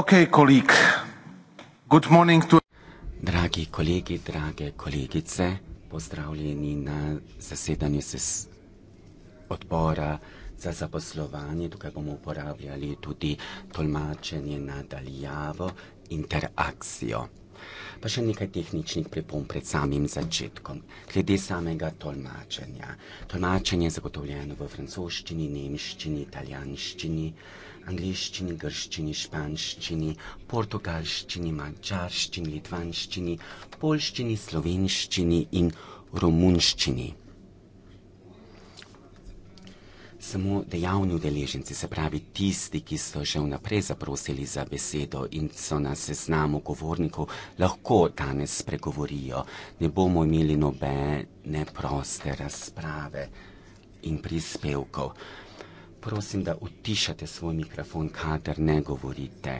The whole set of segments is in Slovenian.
Okay, kolik. Good morning to Dragi kolegi, drage kolegice, pozdravljeni na zasedanju ses odbora za zaposlovanje. Tukaj bomo uporabljali tudi tolmačenje na daljavo, interakcijo. Pa še nekaj tehničnih pripomb pred samim začetkom. Glede samega tolmačenja. Tolmačenje je zagotovljeno v francoščini, nemščini, italijanščini angliščini, grščini, španščini, portugalščini, mačarščini, litvanščini, polščini, slovenščini in romunščini. Samo dejavni udeleženci, se pravi tisti, ki so že vnaprej zaprosili za besedo in so na seznamu govornikov, lahko danes spregovorijo. Ne bomo imeli nobene proste razprave in prispevkov prosim, da utišate svoj mikrofon, kater ne govorite.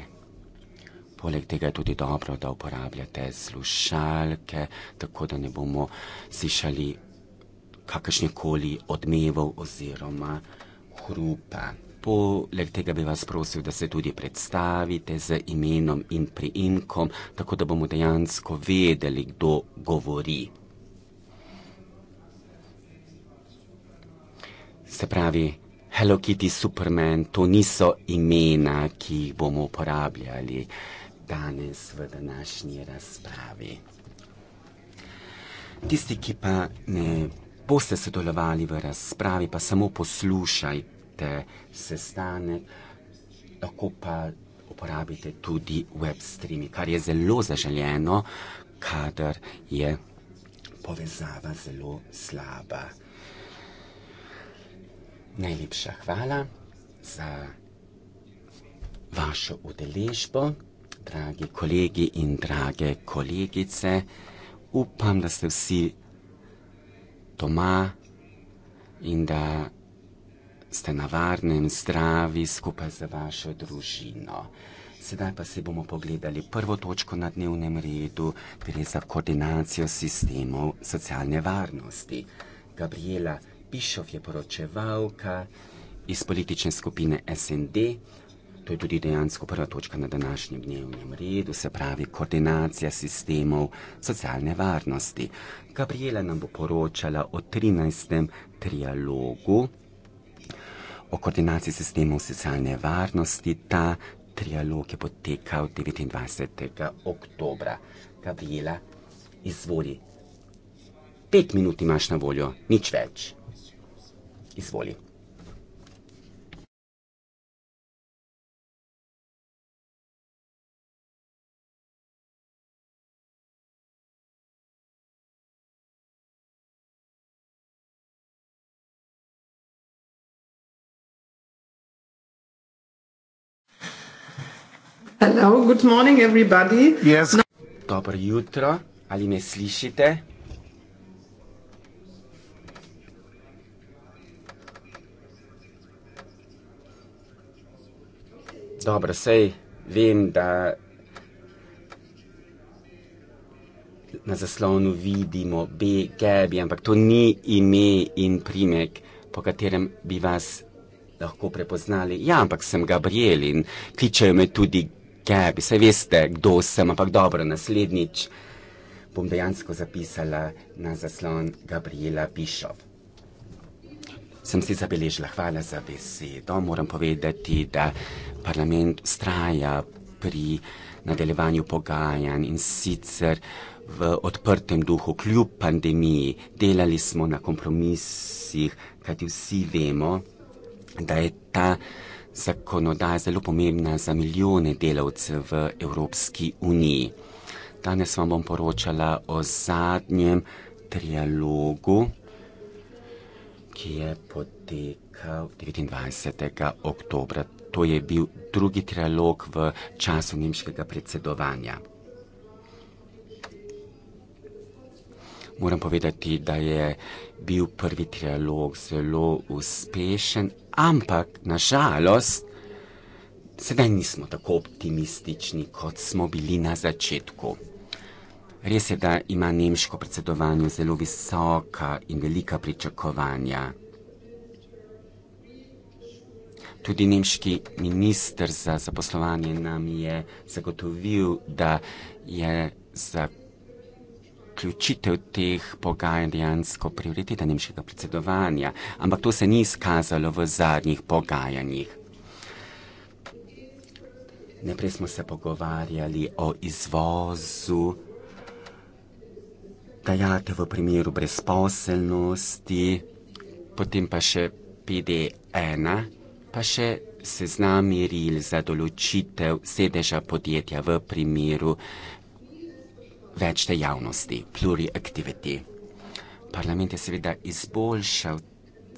Poleg tega je tudi dobro, da uporabljate slušalke, tako da ne bomo slišali kakršnekoli odmevov oziroma hrupa. Poleg tega bi vas prosil, da se tudi predstavite z imenom in priimkom, tako da bomo dejansko vedeli, kdo govori. Se pravi, Hello Kitty, Superman, to niso imena, ki jih bomo uporabljali danes v današnji razpravi. Tisti, ki pa ne boste sodelovali v razpravi, pa samo poslušajte sestanek, lahko pa uporabite tudi web streami, kar je zelo zaželjeno, kadar je povezava zelo slaba najlepša hvala za vašo udeležbo, dragi kolegi in drage kolegice. Upam, da ste vsi doma in da ste na varnem, zdravi skupaj z vašo družino. Sedaj pa si bomo pogledali prvo točko na dnevnem redu, gre za koordinacijo sistemov socialne varnosti. Gabriela, Pišov je poročevalka iz politične skupine SND. To je tudi dejansko prva točka na današnjem dnevnem redu, se pravi koordinacija sistemov socialne varnosti. Gabriela nam bo poročala o 13. trialogu o koordinaciji sistemov socialne varnosti. Ta trialog je potekal 29. oktober. Gabriela, izvoli. Pet minut imaš na voljo, nič več izvoli. Hello, good morning everybody. Yes. No- Dobro jutro, ali me slišite? Dobro, sej vem, da na zaslonu vidimo Be Gabi, ampak to ni ime in primek, po katerem bi vas lahko prepoznali. Ja, ampak sem Gabriel in kličejo me tudi Gabi. Saj veste, kdo sem, ampak dobro, naslednjič bom dejansko zapisala na zaslon Gabriela Bišov sem si zabeležila. Hvala za besedo. Moram povedati, da parlament ustraja pri nadaljevanju pogajanj in sicer v odprtem duhu, kljub pandemiji. Delali smo na kompromisih, kajti vsi vemo, da je ta zakonodaja zelo pomembna za milijone delavcev v Evropski uniji. Danes vam bom poročala o zadnjem trialogu ki je potekal 29. oktobra. To je bil drugi trialog v času nemškega predsedovanja. Moram povedati, da je bil prvi trialog zelo uspešen, ampak nažalost, sedaj nismo tako optimistični, kot smo bili na začetku. Res je, da ima nemško predsedovanje zelo visoka in velika pričakovanja. Tudi nemški minister za zaposlovanje nam je zagotovil, da je zaključitev teh pogajanj dejansko prioriteta nemškega predsedovanja, ampak to se ni izkazalo v zadnjih pogajanjih. Najprej smo se pogovarjali o izvozu dajate v primeru brezposelnosti, potem pa še PD1, pa še seznam meril za določitev sedeža podjetja v primeru več dejavnosti, pluriaktiviti. Parlament je seveda izboljšal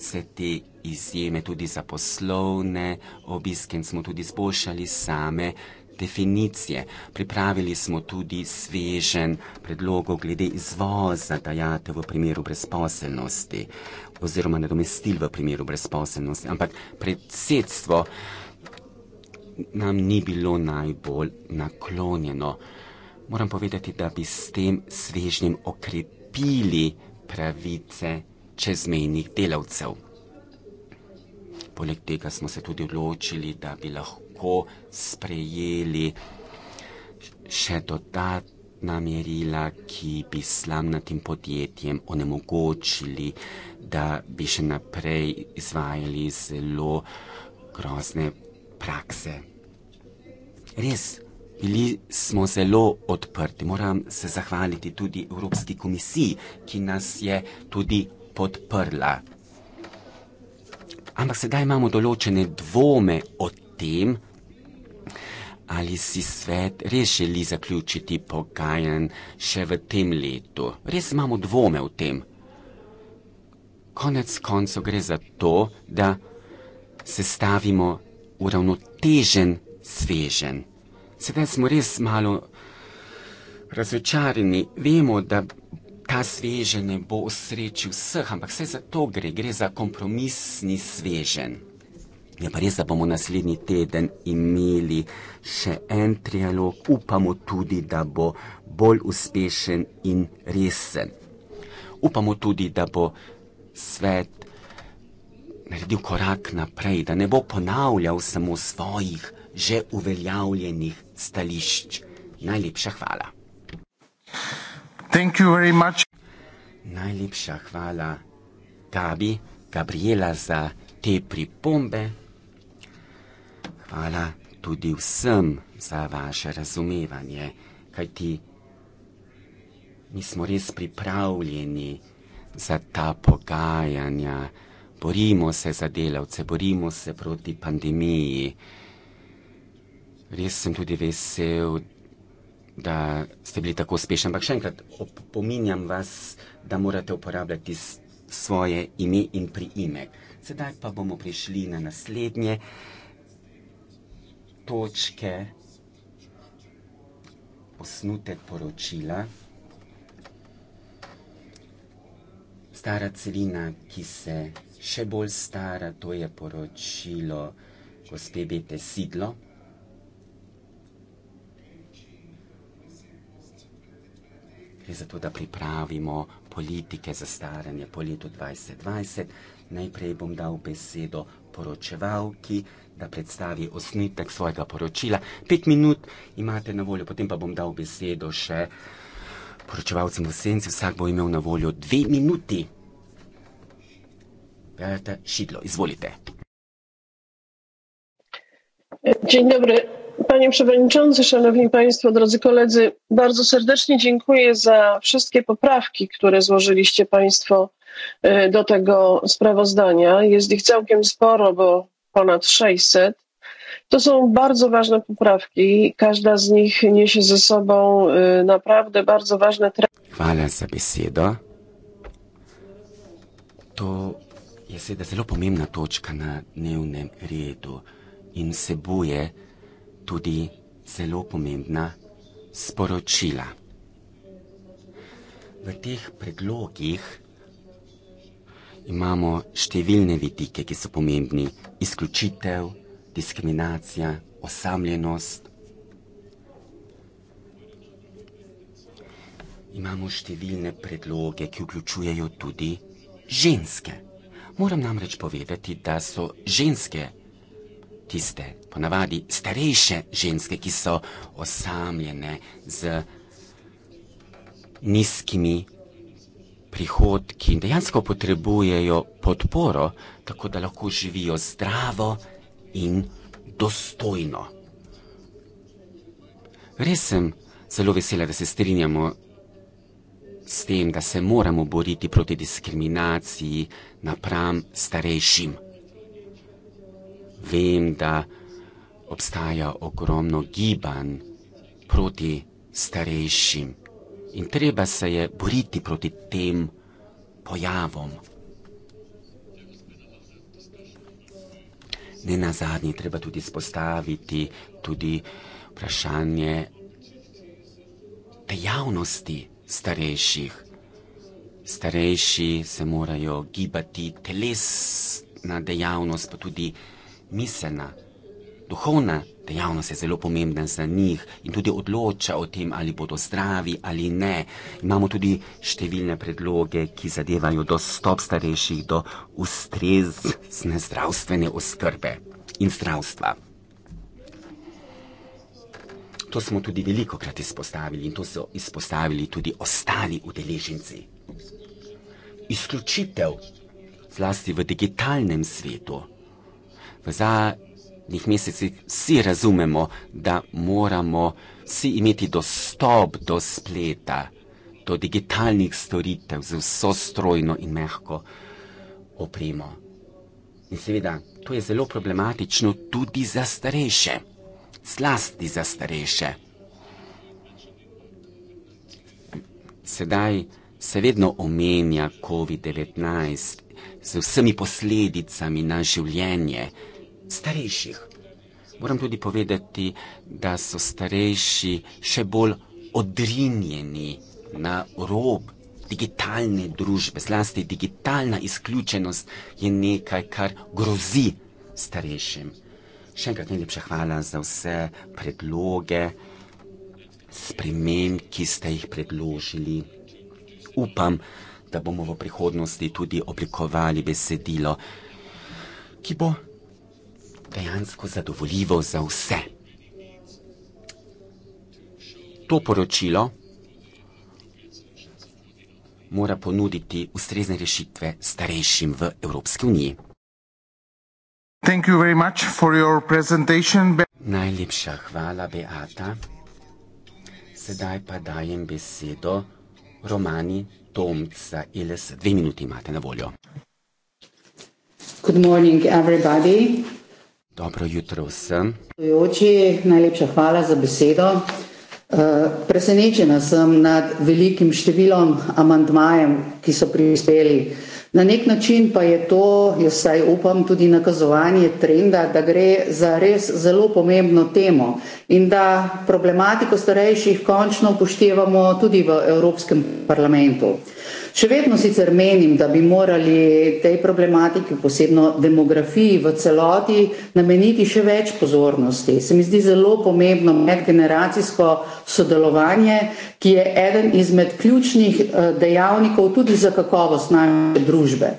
vse te izjeme tudi za poslovne obiske in smo tudi izboljšali same definicije. Pripravili smo tudi svežen predlogov glede izvoza dajate v primeru brezposelnosti oziroma nadomestil v primeru brezposelnosti. Ampak predsedstvo nam ni bilo najbolj naklonjeno. Moram povedati, da bi s tem svežnjem okrepili pravice čezmejnih delavcev. Poleg tega smo se tudi odločili, da bi lahko lahko sprejeli še dodatna merila, ki bi slamnatim podjetjem onemogočili, da bi še naprej izvajali zelo grozne prakse. Res, bili smo zelo odprti. Moram se zahvaliti tudi Evropski komisiji, ki nas je tudi podprla. Ampak sedaj imamo določene dvome o tem, Ali si svet res želi zaključiti pogajanj še v tem letu? Res imamo dvome v tem. Konec koncev gre za to, da sestavimo uravnotežen svežen. Sedaj smo res malo razočarani, vemo, da ta svežen ne bo osrečil vseh, ampak vse za to gre, gre za kompromisni svežen. Je pa res, da bomo naslednji teden imeli še en trialog, upamo tudi, da bo bolj uspešen in resen. Upamo tudi, da bo svet naredil korak naprej, da ne bo ponavljal samo svojih že uveljavljenih stališč. Najlepša hvala. Najlepša hvala Gabi, Gabriela za te pripombe hvala tudi vsem za vaše razumevanje, kajti mi smo res pripravljeni za ta pogajanja. Borimo se za delavce, borimo se proti pandemiji. Res sem tudi vesel, da ste bili tako uspešni. Ampak še enkrat opominjam vas, da morate uporabljati svoje ime in priimek. Sedaj pa bomo prišli na naslednje točke osnutek poročila. Stara celina, ki se še bolj stara, to je poročilo gospe Bete Sidlo. Gre za to, da pripravimo politike za staranje po letu 2020. Najprej bom dal besedo poročevalki da predstavi osnitek svojega poročila. Pet minut imate na voljo, potem pa bom dal besedo še poročevalcem v senci. Vsak bo imel na voljo dve minuti. Berta Šidlo, izvolite. Dzień dobry, panie przewodniczący, szanowni państwo, drodzy koledzy. Bardzo serdecznie dziękuję za wszystkie poprawki, które złożyliście państwo e, do tego sprawozdania. Jest ich całkiem sporo, bo ponad 600. To są bardzo ważne poprawki. Każda z nich niesie ze sobą naprawdę bardzo ważne treści. Hvala za besedo. To je seveda zelo pomembna točka na dnevnem redu in vsebuje tudi zelo pomembna sporočila. V teh predlogih imamo številne vidike, ki so pomembni: izključitev, diskriminacija, osamljenost. Imamo številne predloge, ki vključujejo tudi ženske. Moram namreč povedati, da so ženske tiste, ponavadi starejše ženske, ki so osamljene z nizkimi prihodki in dejansko potrebujejo podporo, tako da lahko živijo zdravo in dostojno. Res sem zelo vesela, da se strinjamo s tem, da se moramo boriti proti diskriminaciji napram starejšim. Vem, da obstaja ogromno gibanj proti starejšim in treba se je boriti proti tem pojavom. Ne na zadnji, treba tudi spostaviti tudi vprašanje dejavnosti starejših. Starejši se morajo gibati telesna dejavnost, pa tudi miselna dejavnost duhovna dejavnost je zelo pomembna za njih in tudi odloča o tem, ali bodo zdravi ali ne. Imamo tudi številne predloge, ki zadevajo dostop starejših do ustrezne zdravstvene oskrbe in zdravstva. To smo tudi veliko krat izpostavili in to so izpostavili tudi ostali udeleženci. Izključitev, zlasti v digitalnem svetu, v zadnjem času zadnjih mesecih vsi razumemo, da moramo vsi imeti dostop do spleta, do digitalnih storitev z vso strojno in mehko opremo. In seveda, to je zelo problematično tudi za starejše, zlasti za starejše. Sedaj se vedno omenja COVID-19 z vsemi posledicami na življenje, starejših. Moram tudi povedati, da so starejši še bolj odrinjeni na rob digitalne družbe, zlasti digitalna izključenost je nekaj, kar grozi starejšim. Še enkrat najlepša hvala za vse predloge, spremem, ki ste jih predložili. Upam, da bomo v prihodnosti tudi oblikovali besedilo, ki bo dejansko zadovoljivo za vse. To poročilo mora ponuditi ustrezne rešitve starejšim v Evropski uniji. Najlepša hvala, Beata. Sedaj pa dajem besedo Romani Tomca Iles. Dve minuti imate na voljo. Good morning, everybody. Dobro jutro vsem. Jujoči, najlepša hvala za besedo. Eh, presenečena sem nad velikim številom amantmajem, ki so prispeli. Na nek način pa je to, jaz saj upam, tudi nakazovanje trenda, da gre za res zelo pomembno temo in da problematiko starejših končno upoštevamo tudi v Evropskem parlamentu. Še vedno sicer menim, da bi morali tej problematiki, posebno demografiji v celoti, nameniti še več pozornosti. Se mi zdi zelo pomembno medgeneracijsko sodelovanje, ki je eden izmed ključnih eh, dejavnikov tudi za kakovost naše družbe.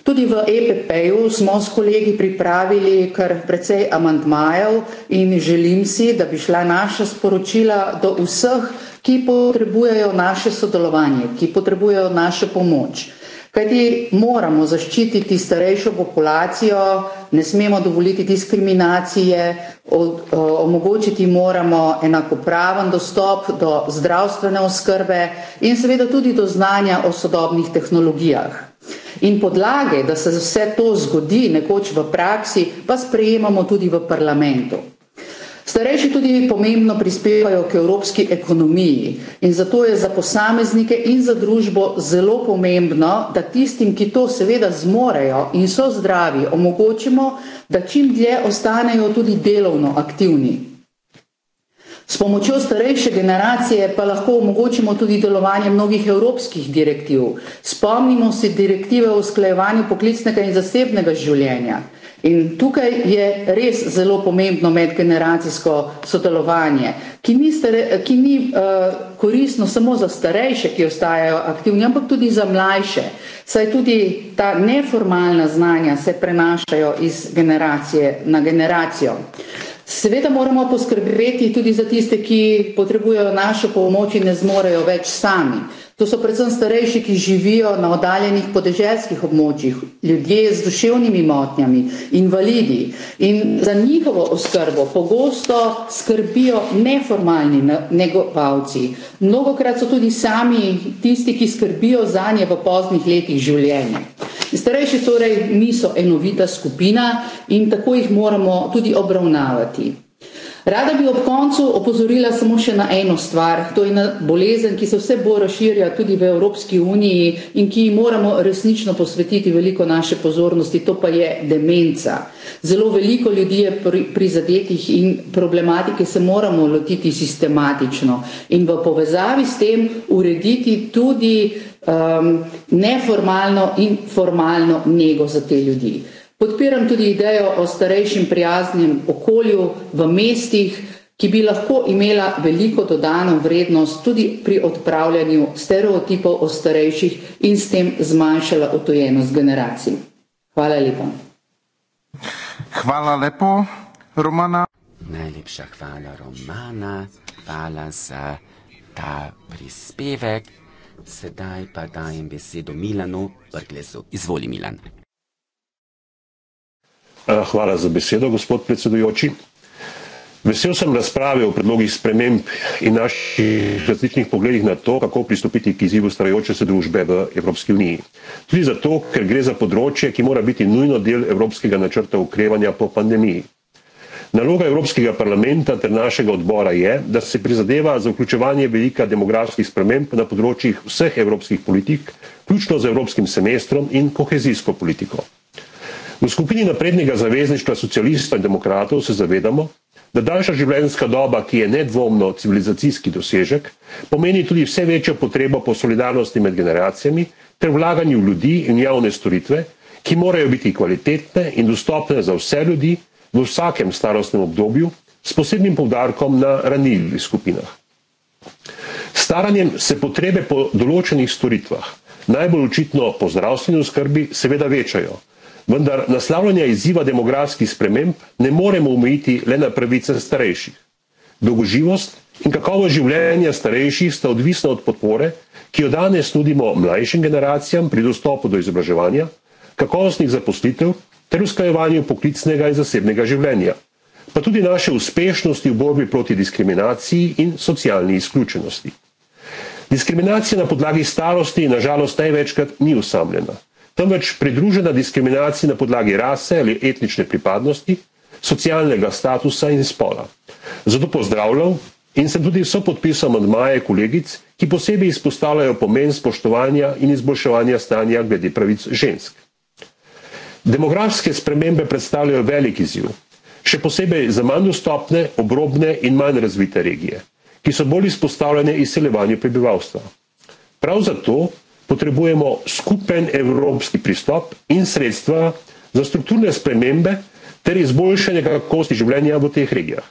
Tudi v EPP-ju smo s kolegi pripravili kar precej amantmajev in želim si, da bi šla naša sporočila do vseh ki potrebujejo naše sodelovanje, ki potrebujejo našo pomoč. Kajti moramo zaščititi starejšo populacijo, ne smemo dovoliti diskriminacije, omogočiti moramo enakopraven dostop do zdravstvene oskrbe in seveda tudi do znanja o sodobnih tehnologijah. In podlage, da se vse to zgodi nekoč v praksi, pa sprejemamo tudi v parlamentu. Starejši tudi pomembno prispevajo k evropski ekonomiji in zato je za posameznike in za družbo zelo pomembno, da tistim, ki to seveda zmorejo in so zdravi, omogočimo, da čim dlje ostanejo tudi delovno aktivni. S pomočjo starejše generacije pa lahko omogočimo tudi delovanje mnogih evropskih direktiv. Spomnimo si direktive o sklejevanju poklicnega in zasebnega življenja. In tukaj je res zelo pomembno medgeneracijsko sodelovanje, ki ni, stare, ki ni uh, koristno samo za starejše, ki ostajajo aktivni, ampak tudi za mlajše, saj tudi ta neformalna znanja se prenašajo iz generacije na generacijo. Seveda moramo poskrbeti tudi za tiste, ki potrebujejo našo pomoč in ne zmorejo več sami. To so predvsem starejši, ki živijo na oddaljenih podeželskih območjih, ljudje z duševnimi motnjami, invalidi. In za njihovo oskrbo pogosto skrbijo neformalni negovalci. Mnogokrat so tudi sami tisti, ki skrbijo za nje v poznih letih življenja. Starejši torej niso enovita skupina in tako jih moramo tudi obravnavati. Rada bi ob koncu opozorila samo še na eno stvar, to je na bolezen, ki se vse bolj razširja tudi v Evropski uniji in ki ji moramo resnično posvetiti veliko naše pozornosti, to pa je demenca. Zelo veliko ljudi je prizadetih in problematike se moramo lotiti sistematično in v povezavi s tem urediti tudi um, neformalno in formalno nego za te ljudi. Podpiram tudi idejo o starejšem prijaznem okolju v mestih, ki bi lahko imela veliko dodano vrednost tudi pri odpravljanju stereotipov o starejših in s tem zmanjšala otojenost generacij. Hvala lepa. Hvala lepo, Romana. Najlepša hvala, Romana. Hvala za ta prispevek. Sedaj pa dajem besedo Milanu Brglezu. Izvoli, Milan. Eh, hvala za besedo, gospod predsedujoči. Vesel sem razprave o predlogih sprememb in naših različnih pogledih na to, kako pristopiti k izzivu starajoče se družbe v Evropski uniji. Tudi zato, ker gre za področje, ki mora biti nujno del Evropskega načrta ukrevanja po pandemiji. Naloga Evropskega parlamenta ter našega odbora je, da se prizadeva za vključevanje velika demografskih sprememb na področjih vseh evropskih politik, vključno z evropskim semestrom in kohezijsko politiko. V skupini naprednega zavezništva socialistov in demokratov se zavedamo, da daljša življenjska doba, ki je nedvomno civilizacijski dosežek, pomeni tudi vse večjo potrebo po solidarnosti med generacijami ter vlaganju v ljudi in javne storitve, ki morajo biti kvalitetne in dostopne za vse ljudi v vsakem starostnem obdobju, s posebnim povdarkom na ranljivih skupinah. Staranjem se potrebe po določenih storitvah, najbolj očitno po zdravstveni oskrbi, seveda večajo vendar naslavljanja izziva demografskih sprememb ne moremo omejiti le na pravice starejših. Dolgoživost in kakovo življenja starejših sta odvisna od podpore, ki jo danes nudimo mlajšim generacijam pri dostopu do izobraževanja, kakovostnih zaposlitev ter usklajevanju poklicnega in zasebnega življenja, pa tudi naše uspešnosti v borbi proti diskriminaciji in socialni izključenosti. Diskriminacija na podlagi starosti nažalost največkrat ni usamljena temveč pridružena diskriminaciji na podlagi rase ali etnične pripadnosti, socialnega statusa in spola. Zato pozdravljam in sem tudi so podpisal od Maje kolegic, ki posebej izpostavljajo pomen spoštovanja in izboljševanja stanja glede pravic žensk. Demografske spremembe predstavljajo velik izziv, še posebej za manj dostopne, obrobne in manj razvite regije, ki so bolj izpostavljene izseljevanju prebivalstva. Prav zato potrebujemo skupen evropski pristop in sredstva za strukturne spremembe ter izboljšanje kakovosti življenja v teh regijah.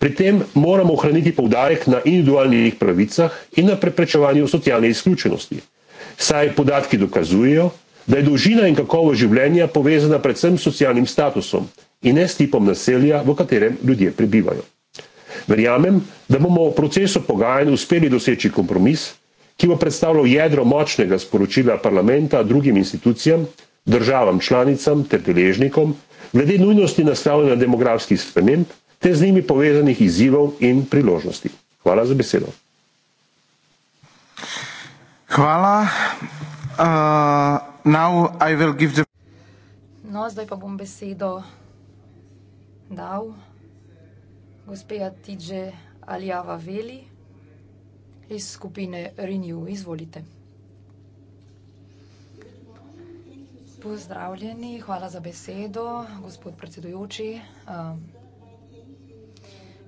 Pri tem moramo ohraniti povdarek na individualnih pravicah in na preprečevanju socialne izključenosti, saj podatki dokazujejo, da je dolžina in kakovost življenja povezana predvsem s socialnim statusom in ne s tipom naselja, v katerem ljudje prebivajo. Verjamem, da bomo v procesu pogajanj uspeli doseči kompromis, ki bo predstavljal jedro močnega sporočila parlamenta drugim institucijam, državam članicam ter deležnikom glede nujnosti naslavljanja demografskih sprememb ter z njimi povezanih izzivov in priložnosti. Hvala za besedo. Hvala. Uh, now I will give the... No, zdaj pa bom besedo dal gospeja Tidže Aljava Veli iz skupine Renew. Izvolite. Pozdravljeni, hvala za besedo, gospod predsedujoči.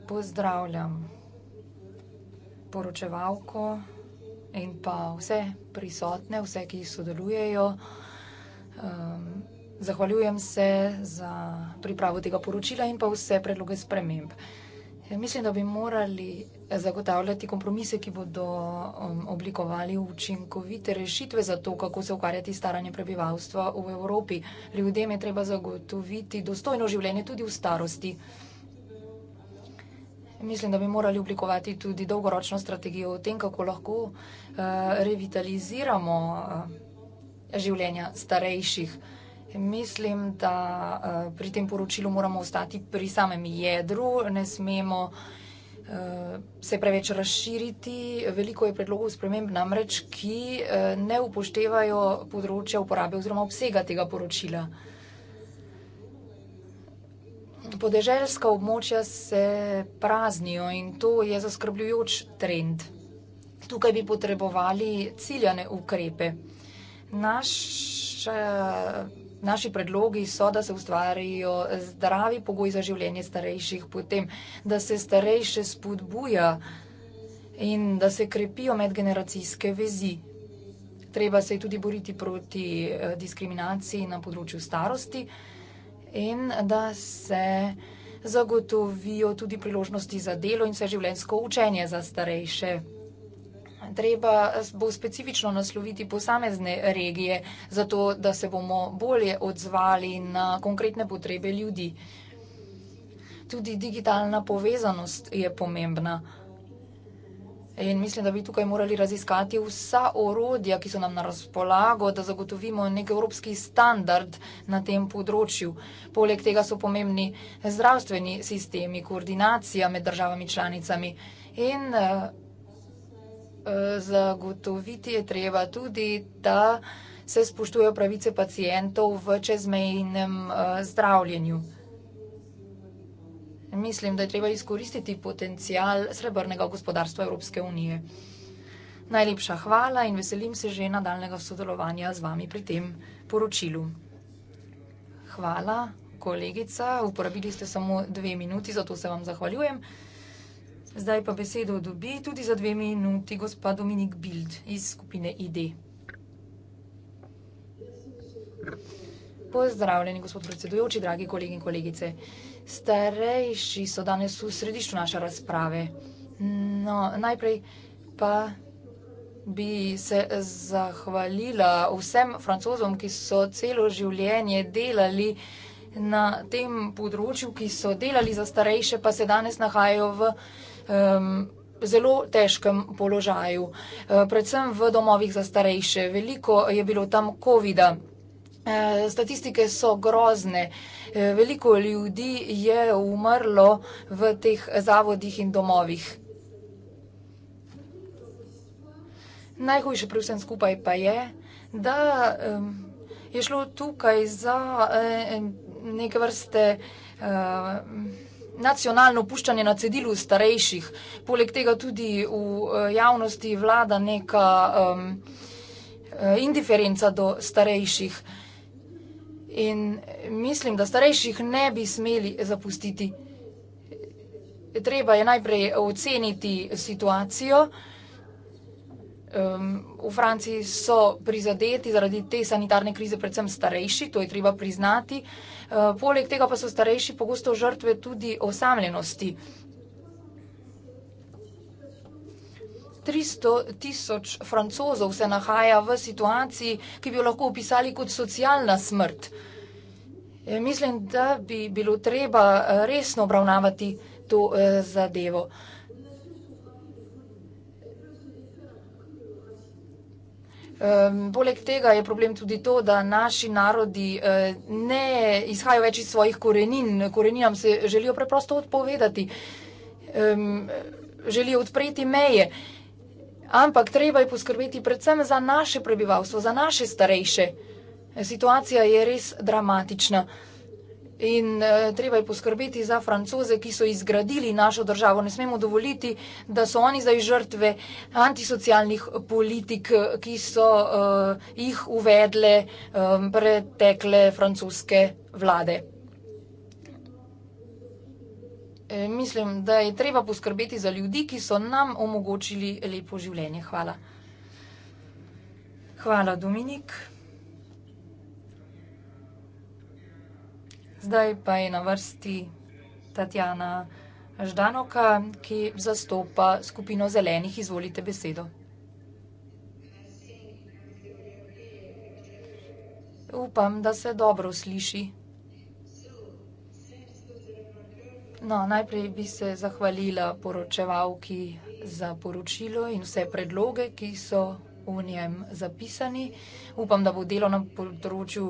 Pozdravljam poročevalko in pa vse prisotne, vse, ki sodelujejo. Zahvaljujem se za pripravo tega poročila in pa vse predloge sprememb. Mislim, da bi morali zagotavljati kompromise, ki bodo um, oblikovali učinkovite rešitve za to, kako se ukvarjati staranje prebivalstva v Evropi. Ljudem je treba zagotoviti dostojno življenje tudi v starosti. Mislim, da bi morali oblikovati tudi dolgoročno strategijo o tem, kako lahko uh, revitaliziramo uh, življenja starejših. Mislim, da uh, pri tem poročilu moramo ostati pri samem jedru, ne smemo uh, Eh, se preveč razširiti. Veliko je predlogov sprememb namreč, ki eh, ne upoštevajo področja uporabe oziroma obsega tega poročila. Podeželska območja se praznijo in to je zaskrbljujoč trend. Tukaj bi potrebovali ciljane ukrepe. Naša naši predlogi so, da se ustvarijo zdravi pogoji za življenje starejših, potem, da se starejše spodbuja in da se krepijo medgeneracijske vezi. Treba se je tudi boriti proti eh, diskriminaciji na področju starosti in da se zagotovijo tudi priložnosti za delo in vse življenjsko učenje za starejše treba bo specifično nasloviti posamezne regije, zato da se bomo bolje odzvali na konkretne potrebe ljudi. Tudi digitalna povezanost je pomembna. In mislim, da bi tukaj morali raziskati vsa orodja, ki so nam na razpolago, da zagotovimo nek evropski standard na tem področju. Poleg tega so pomembni zdravstveni sistemi, koordinacija med državami članicami in eh, zagotoviti je treba tudi, da se spoštujo pravice pacijentov v čezmejnem eh, zdravljenju. Mislim, da je treba izkoristiti potencial srebrnega gospodarstva Evropske unije. Najlepša hvala in veselim se že nadaljnega sodelovanja z vami pri tem poročilu. Hvala, kolegica. Uporabili ste samo dve minuti, zato se vam zahvaljujem. Zdaj pa besedo dobi tudi za dve minuti gospa Dominik Bild iz skupine ID. Pozdravljeni, gospod predsedujoči, dragi kolegi in kolegice. Starejši so danes v središču naše razprave. No, najprej pa bi se zahvalila vsem francozom, ki so celo življenje delali na tem področju, ki so delali za starejše, pa se danes nahajajo v um, zelo težkem položaju, uh, predvsem v domovih za starejše. Veliko je bilo tam COVID-a. Uh, statistike so grozne. Uh, veliko ljudi je umrlo v teh zavodih in domovih. Najhujše pri vsem skupaj pa je, da um, je šlo tukaj za eh, neke vrste. Uh, nacionalno puščanje na cedilu starejših, poleg tega tudi v eh, javnosti vlada neka um, indiferenca do starejših. In mislim, da starejših ne bi smeli zapustiti. Treba je najprej oceniti situacijo um, v Franciji so prizadeti zaradi te sanitarne krize, predvsem starejši, to je treba priznati. Uh, poleg tega pa so starejši pogosto žrtve tudi osamljenosti. 300 tisoč francozov se nahaja v situaciji, ki bi jo lahko opisali kot socialna smrt. Mislim, da bi bilo treba eh, resno obravnavati to eh, zadevo. Ehm, poleg tega je problem tudi to, da naši narodi eh, ne izhajajo več iz svojih korenin, koreninam se želijo preprosto odpovedati, ehm, želijo odpreti meje. Ampak treba je poskrbeti predvsem za naše prebivalstvo, za naše starejše. Situacija je res dramatična. In eh, treba je poskrbeti za francoze, ki so izgradili našo državo. Ne smemo dovoliti, da so oni zdaj žrtve antisocialnih politik, eh, ki so uh, jih uvedle um, pretekle francoske vlade. E, mislim, da je treba poskrbeti za ljudi, ki so nam omogočili lepo življenje. Hvala. Hvala, Dominik. Zdaj pa je na vrsti Tatjana Ždanoka, ki zastopa skupino zelenih. Izvolite besedo. Upam, da se dobro sliši. No, najprej bi se zahvalila poročevalki za poročilo in vse predloge, ki so unijem zapisani. Upam, da bo delo na področju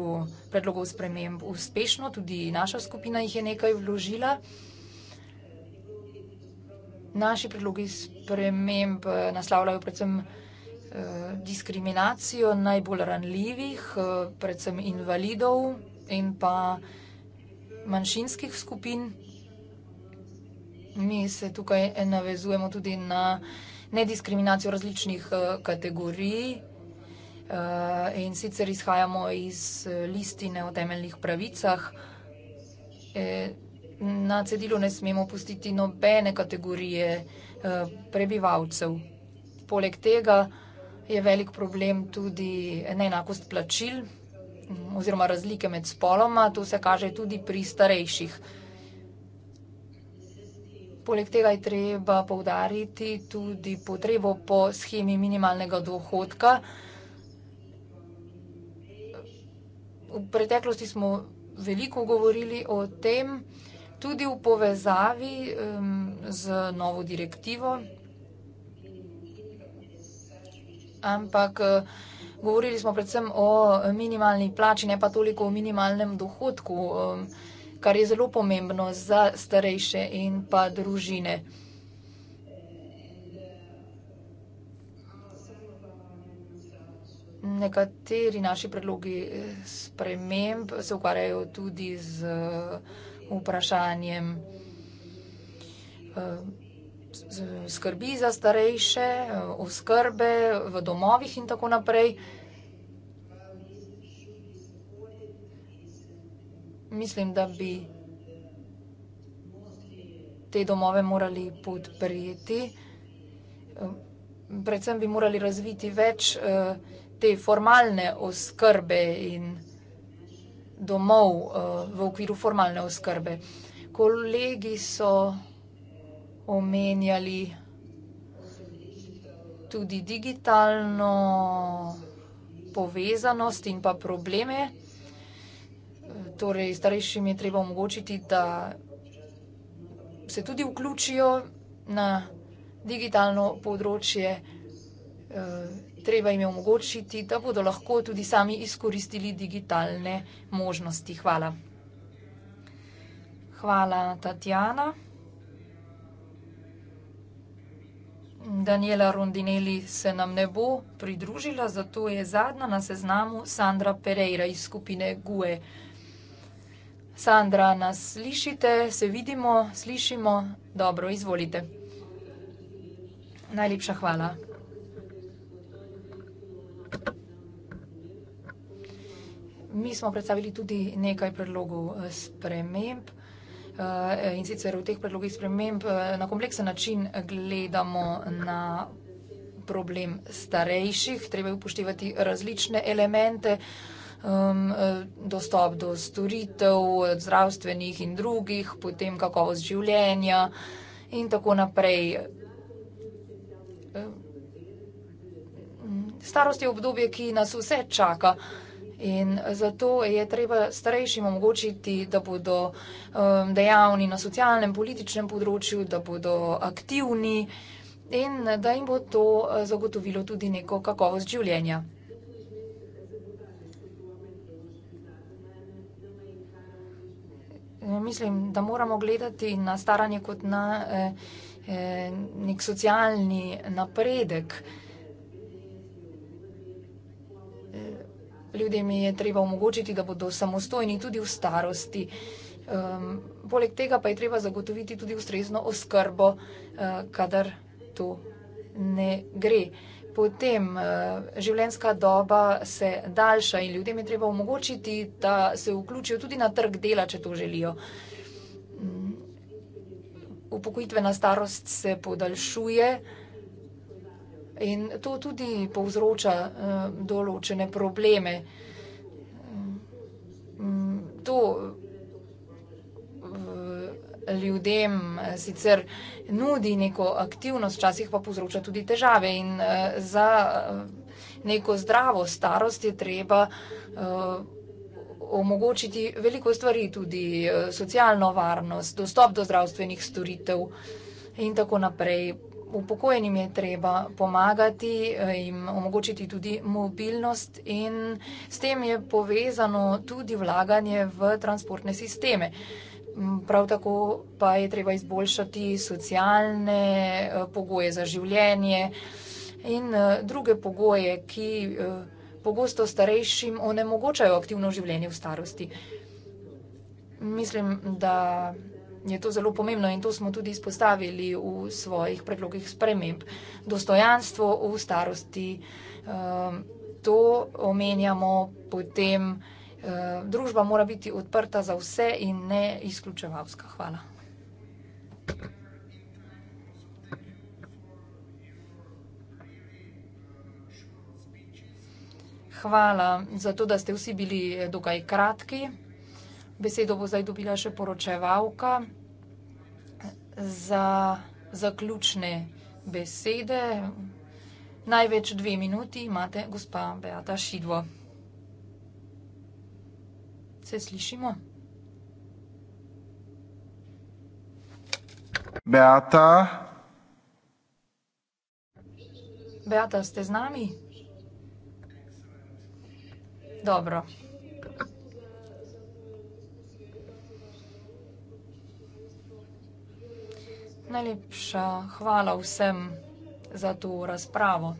predlogov sprememb uspešno, tudi naša skupina jih je nekaj vložila. Naši predlogi sprememb eh, naslavljajo predvsem eh, diskriminacijo najbolj ranljivih, eh, predvsem invalidov in pa manjšinskih skupin. Mi se tukaj navezujemo tudi na nediskriminacijo različnih eh, kategorij. Eh, in sicer izhajamo iz eh, listine o temeljnih pravicah. Na cedilu ne smemo pustiti nobene kategorije prebivalcev. Poleg tega je velik problem tudi neenakost plačil mm, oziroma razlike med spoloma. To se kaže tudi pri starejših. Poleg tega je treba povdariti tudi potrebo po schemi minimalnega dohodka. V preteklosti smo veliko govorili o tem, tudi v povezavi z novo direktivo, ampak govorili smo predvsem o minimalni plači, ne pa toliko o minimalnem dohodku kar je zelo pomembno za starejše in pa družine. Nekateri naši predlogi eh, sprememb se ukvarjajo tudi z eh, vprašanjem eh, skrbi za starejše, oskrbe v domovih in tako naprej. mislim, da bi te domove morali podprijeti. Ehm, predvsem bi morali razviti več eh, te formalne oskrbe in domov eh, v okviru formalne oskrbe. Kolegi so omenjali tudi digitalno povezanost in pa probleme torej starejšim je treba omogočiti, da se tudi vključijo na digitalno področje. Eh, treba jim je omogočiti, da bodo lahko tudi sami izkoristili digitalne možnosti. Hvala. Hvala, Tatjana. Daniela Rondinelli se nam ne bo pridružila, zato je zadnja na seznamu Sandra Pereira iz skupine GUE. Sandra, nas slišite, se vidimo, slišimo? Dobro, izvolite. Najlepša hvala. Mi smo predstavili tudi nekaj predlogov eh, sprememb eh, in sicer v teh predlogih sprememb eh, na kompleksen način gledamo na problem starejših, treba je upoštevati različne elemente um, dostop do storitev, zdravstvenih in drugih, potem kakovost življenja in tako naprej. Um, starost je obdobje, ki nas vse čaka in zato je treba starejšim omogočiti, da bodo um, dejavni na socialnem, političnem področju, da bodo aktivni in da jim bo to uh, zagotovilo tudi neko kakovost življenja. Eh, mislim, da moramo gledati na staranje kot na eh, eh nek socialni napredek. Eh, ljudem je treba omogočiti, da bodo samostojni tudi v starosti. Um, poleg tega pa je treba zagotoviti tudi ustrezno oskrbo, uh, kadar to ne gre potem eh, življenjska doba se daljša in ljudem je treba omogočiti, da se vključijo tudi na trg dela, če to želijo. Mm. Upokojitvena starost se podaljšuje in to tudi povzroča eh, določene probleme. Mm. Mm, to ljudem eh, sicer nudi neko aktivnost, včasih pa povzroča tudi težave. In eh, za eh, neko zdravo starost je treba omogočiti veliko stvari, tudi socialno varnost, dostop do zdravstvenih storitev in tako naprej. Upokojenim je treba pomagati, jim omogočiti tudi mobilnost in s tem je povezano tudi vlaganje v transportne sisteme. Mm, prav tako pa je treba izboljšati socialne eh, pogoje za življenje in eh, druge pogoje, ki eh, pogosto starejšim onemogočajo aktivno življenje v starosti. Mislim, da je to zelo pomembno in to smo tudi izpostavili v svojih predlogih sprememb. Dostojanstvo v starosti, to omenjamo potem. Eh, družba mora biti odprta za vse in ne izključevalska. Hvala. Hvala za to, da ste vsi bili eh, dokaj kratki. Besedo bo zdaj dobila še poročevalka za zaključne besede. Največ dve minuti imate gospa Beata Šidvo. Se slišimo? Beata? Beata, ste z nami? Dobro. Najlepša hvala vsem za to razpravo.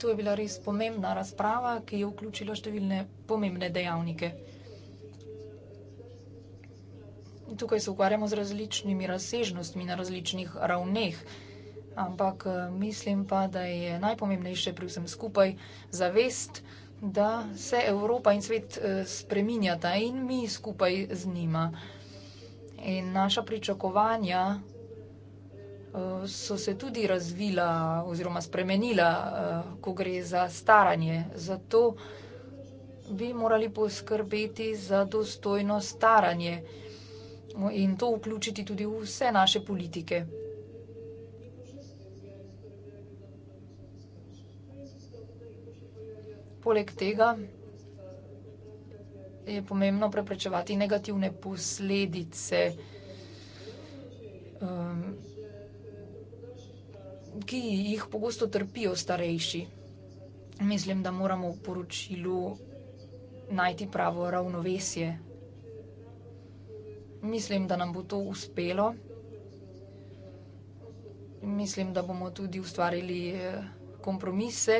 To je bila res pomembna razprava, ki je vključila številne pomembne dejavnike. Tukaj se ukvarjamo z različnimi razsežnostmi na različnih ravneh, ampak mislim pa, da je najpomembnejše pri vsem skupaj zavest, da se Evropa in svet spreminjata in mi skupaj z njima. In naša pričakovanja Eh, so se tudi razvila oziroma spremenila, eh, ko gre za staranje. Zato bi morali poskrbeti za dostojno staranje in to vključiti tudi v vse naše politike. Poleg tega je pomembno preprečevati negativne posledice. ki jih pogosto trpijo starejši. Mislim, da moramo v poročilu najti pravo ravnovesje. Mislim, da nam bo to uspelo. Mislim, da bomo tudi ustvarili eh, kompromise,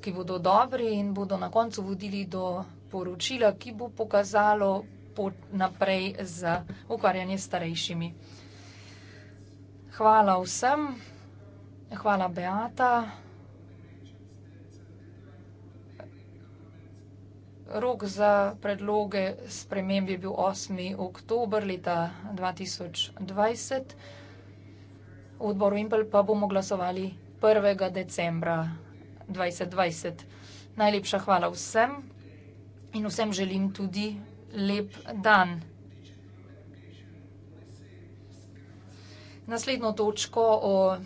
ki bodo dobri in bodo na koncu vodili do poročila, ki bo pokazalo pot naprej za ukvarjanje s starejšimi. Hvala vsem. Hvala, Beata. Rok za predloge sprememb je bil 8. oktober leta 2020. V odboru Impel pa bomo glasovali 1. decembra 2020. Najlepša hvala vsem in vsem želim tudi lep dan. Naslednjo točko o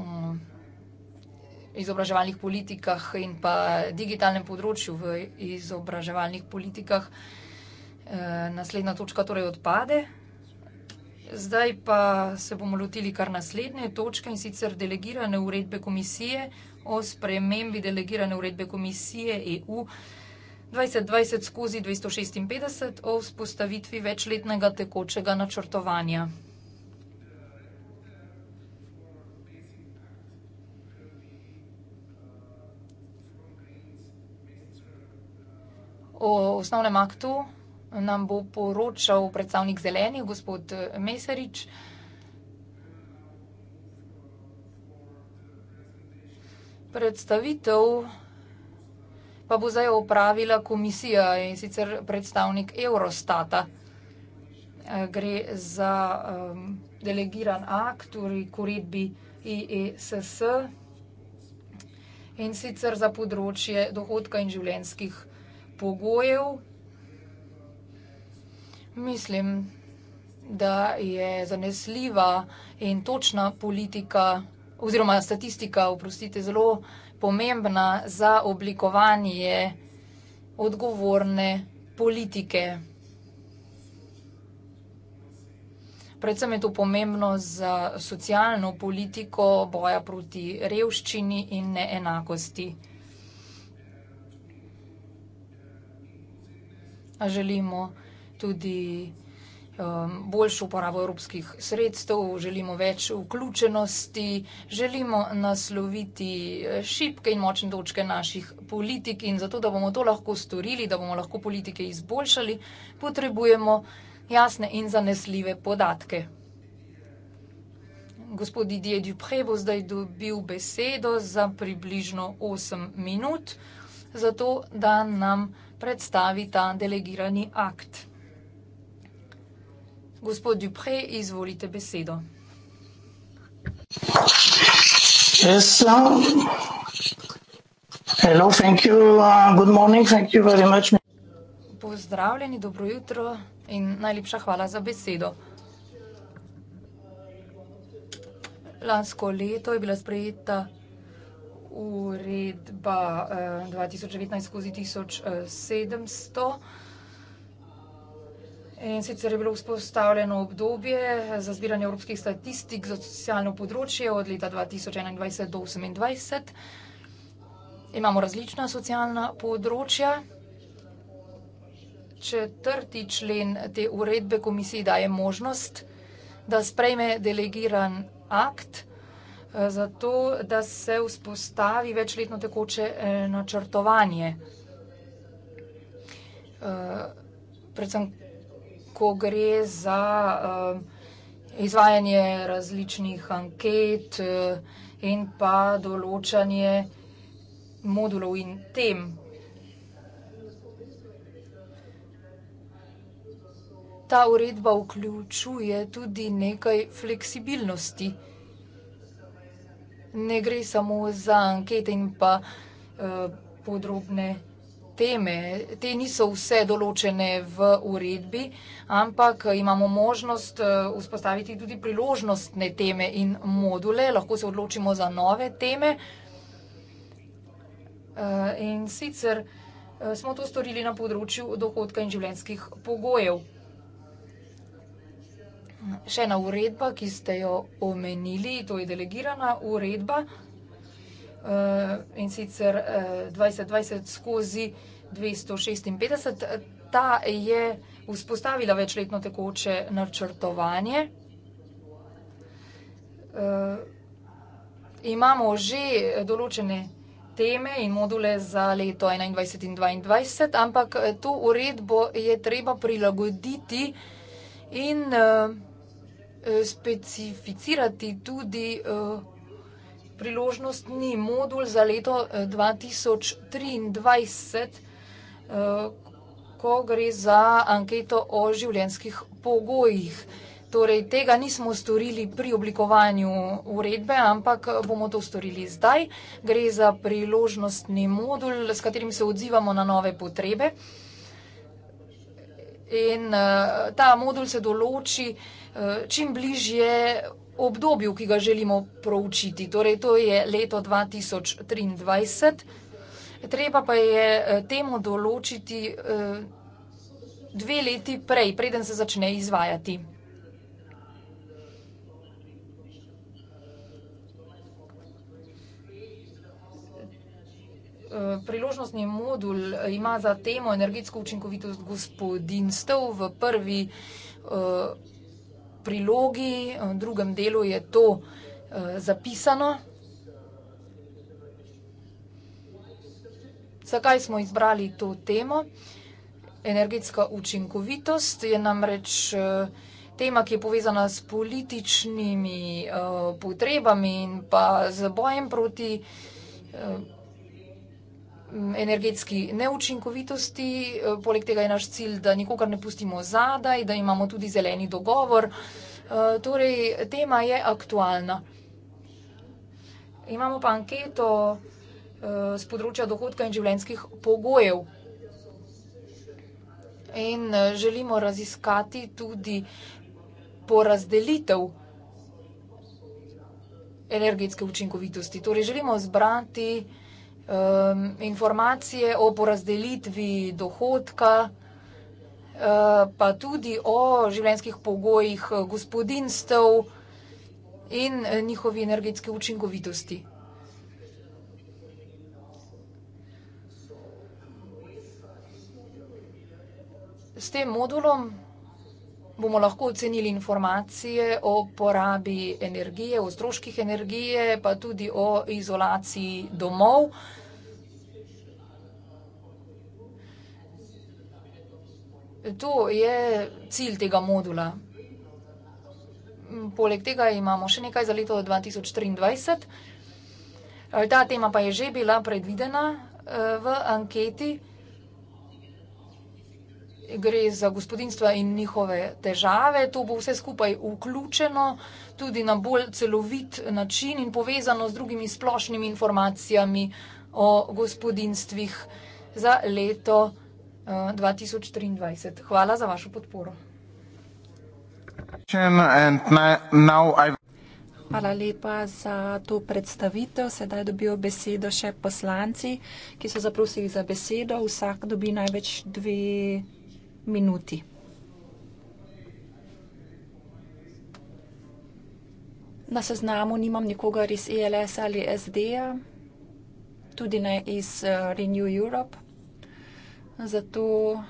Eh, izobraževalnih politikah in pa digitalnem področju v izobraževalnih politikah. Eh, naslednja točka torej odpade. Zdaj pa se bomo lotili kar naslednje točke in sicer delegirane uredbe komisije o spremembi delegirane uredbe komisije EU 2020 skozi 256 o vzpostavitvi večletnega tekočega načrtovanja. o osnovnem aktu nam bo poročal predstavnik zelenih, gospod eh, Mesarič. Predstavitev pa bo zdaj opravila komisija in sicer predstavnik Eurostata. Eh, gre za ehm, delegiran akt, torej koredbi IESS in sicer za področje dohodka in življenjskih vsega pogojev. Mislim, da je zanesljiva in točna politika oziroma statistika, oprostite, zelo pomembna za oblikovanje odgovorne politike. Predvsem je to pomembno za socialno politiko boja proti revščini in neenakosti. želimo tudi um, boljšo uporabo evropskih sredstev, želimo več vključenosti, želimo nasloviti eh, šipke in močne točke naših politik in zato, da bomo to lahko storili, da bomo lahko politike izboljšali, potrebujemo jasne in zanesljive podatke. Gospod Didier Dupré bo zdaj dobil besedo za približno 8 minut, zato, da nam vsega predstavi ta delegirani akt. Gospod Dupre, izvolite besedo. Yes, um, hello, you, uh, morning, much, Pozdravljeni, dobro jutro in najlepša hvala za besedo. Lansko leto je bila sprejeta uredba 2019 eh, skozi 1700. Eh, In sicer je bilo vzpostavljeno obdobje za zbiranje evropskih statistik za socialno področje od leta 2021 do 2028. Imamo različna socialna področja. Četrti člen te uredbe komisiji daje možnost, da sprejme delegiran akt, Eh, za to, da se vzpostavi večletno tekoče eh, načrtovanje. Eh, predvsem, ko gre za izvajanje različnih anket in pa določanje modulov in tem. Ta uredba vključuje tudi nekaj fleksibilnosti ne gre samo za ankete in pa uh, podrobne teme. Te niso vse določene v uredbi, ampak imamo možnost uh, vzpostaviti tudi priložnostne teme in module. Lahko se odločimo za nove teme. Uh, in sicer uh, smo to storili na področju dohodka in življenjskih pogojev. Še ena uredba, ki ste jo omenili, to je delegirana uredba eh, in sicer 2020 eh, skozi 256. Ta je vzpostavila večletno tekoče načrtovanje. Eh, imamo že določene teme in module za leto 21 in 22, ampak to uredbo je treba prilagoditi in vzpostaviti Eh, specificirati tudi eh, priložnostni modul za leto 2023, eh, ko gre za anketo o življenjskih pogojih. Torej, tega nismo storili pri oblikovanju uredbe, ampak bomo to storili zdaj. Gre za priložnostni modul, s katerim se odzivamo na nove potrebe. In ta modul se določi, Eh, čim bližje obdobju, ki ga želimo proučiti. Torej, to je leto 2023. Treba pa je eh, temu določiti eh, dve leti prej, preden se začne izvajati. Priložnostni modul ima za temo energetsko učinkovitost gospodinstv v prvi prilogi, v drugem delu je to eh, zapisano. Zakaj smo izbrali to temo? Energetska učinkovitost je namreč eh, tema, ki je povezana s političnimi eh, potrebami in pa z bojem proti energetske neučinkovitosti. E, poleg tega je naš cilj, da nikogar ne pustimo zadaj, da imamo tudi zeleni dogovor. E, torej, tema je aktualna. Imamo pa anketo z e, področja dohodka in življenjskih pogojev. In želimo raziskati tudi porazdelitev energetske učinkovitosti. Torej, želimo zbrati um, informacije o porazdelitvi dohodka, uh, pa tudi o življenjskih pogojih eh, gospodinstv in eh, njihovi energetski učinkovitosti. S tem modulom bomo lahko ocenili informacije o porabi energije, o stroških energije, pa tudi o izolaciji domov. To je cilj tega modula. Poleg tega imamo še nekaj za leto 2023. Ta tema pa je že bila predvidena eh, v anketi gre za gospodinstva in njihove težave. To bo vse skupaj vključeno tudi na bolj celovit način in povezano z drugimi splošnimi informacijami o gospodinstvih za leto 2023. Eh, Hvala za vašo podporo. Hvala lepa za to predstavitev. Sedaj dobijo besedo še poslanci, ki so zaprosili za besedo. Vsak dobi največ dve minuti. Na seznamu nimam nikogar iz ELS ali SD-ja, tudi ne iz eh, Renew Europe. Zato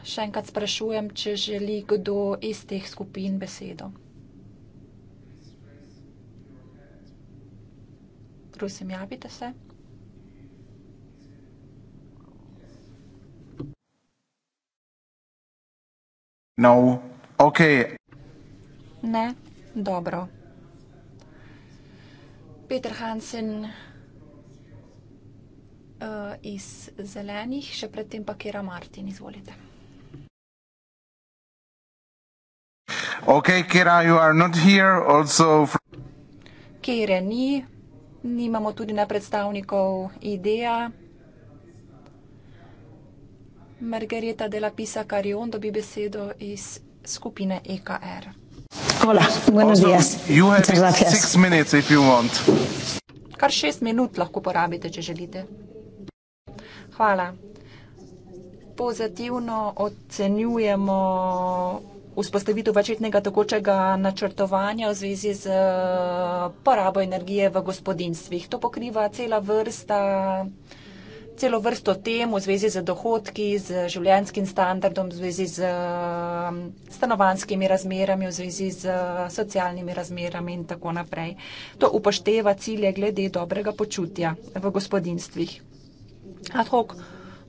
še enkrat sprašujem, če želi kdo iz teh skupin besedo. Prosim, javite se. No, ok. Ne, dobro. Peter Hansen uh, iz Zelenih, še predtem pa Kira Martin, izvolite. Ok, Kira, you are not here also. Kira ni, nimamo tudi ne predstavnikov ideja. Margareta de la Pisa Carion dobi besedo iz skupine EKR. Er. Hola, buenos días. Muchas gracias. Six minutes if you want. Kar šest minut lahko porabite, če želite. Hvala. Pozitivno ocenjujemo vzpostavitev večetnega tokočega načrtovanja v zvezi z eh, porabo energije v gospodinstvih. To pokriva cela vrsta vrsta celo vrsto tem v zvezi z dohodki, z življenskim standardom, v zvezi z um, stanovanskimi razmerami, v zvezi z socialnimi razmerami in tako naprej. To upošteva cilje glede dobrega počutja v gospodinstvih. Ad hoc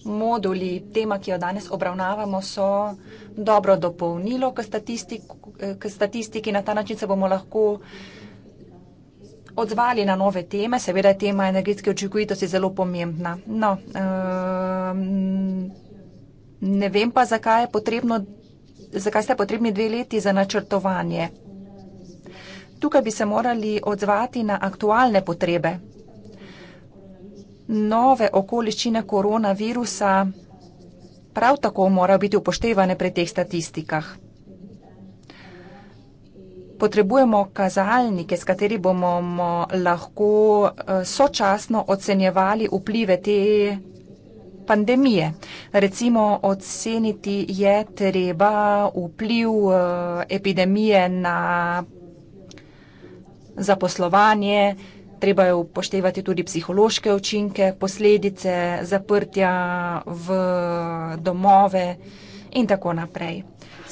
moduli, tema, ki jo danes obravnavamo, so dobro dopolnilo k, statistik, eh, k statistiki. Na ta način se bomo lahko odzvali na nove teme. Seveda je tema energetske očekovitosti zelo pomembna. No, um, ne vem pa, zakaj, potrebno, zakaj ste potrebni dve leti za načrtovanje. Tukaj bi se morali odzvati na aktualne potrebe. Nove okoliščine koronavirusa prav tako morajo biti upoštevane pri teh statistikah potrebujemo kazalnike, s kateri bomo lahko eh, sočasno ocenjevali vplive te pandemije. Recimo oceniti je treba vpliv eh, epidemije na zaposlovanje, treba je upoštevati tudi psihološke učinke, posledice zaprtja v domove in tako naprej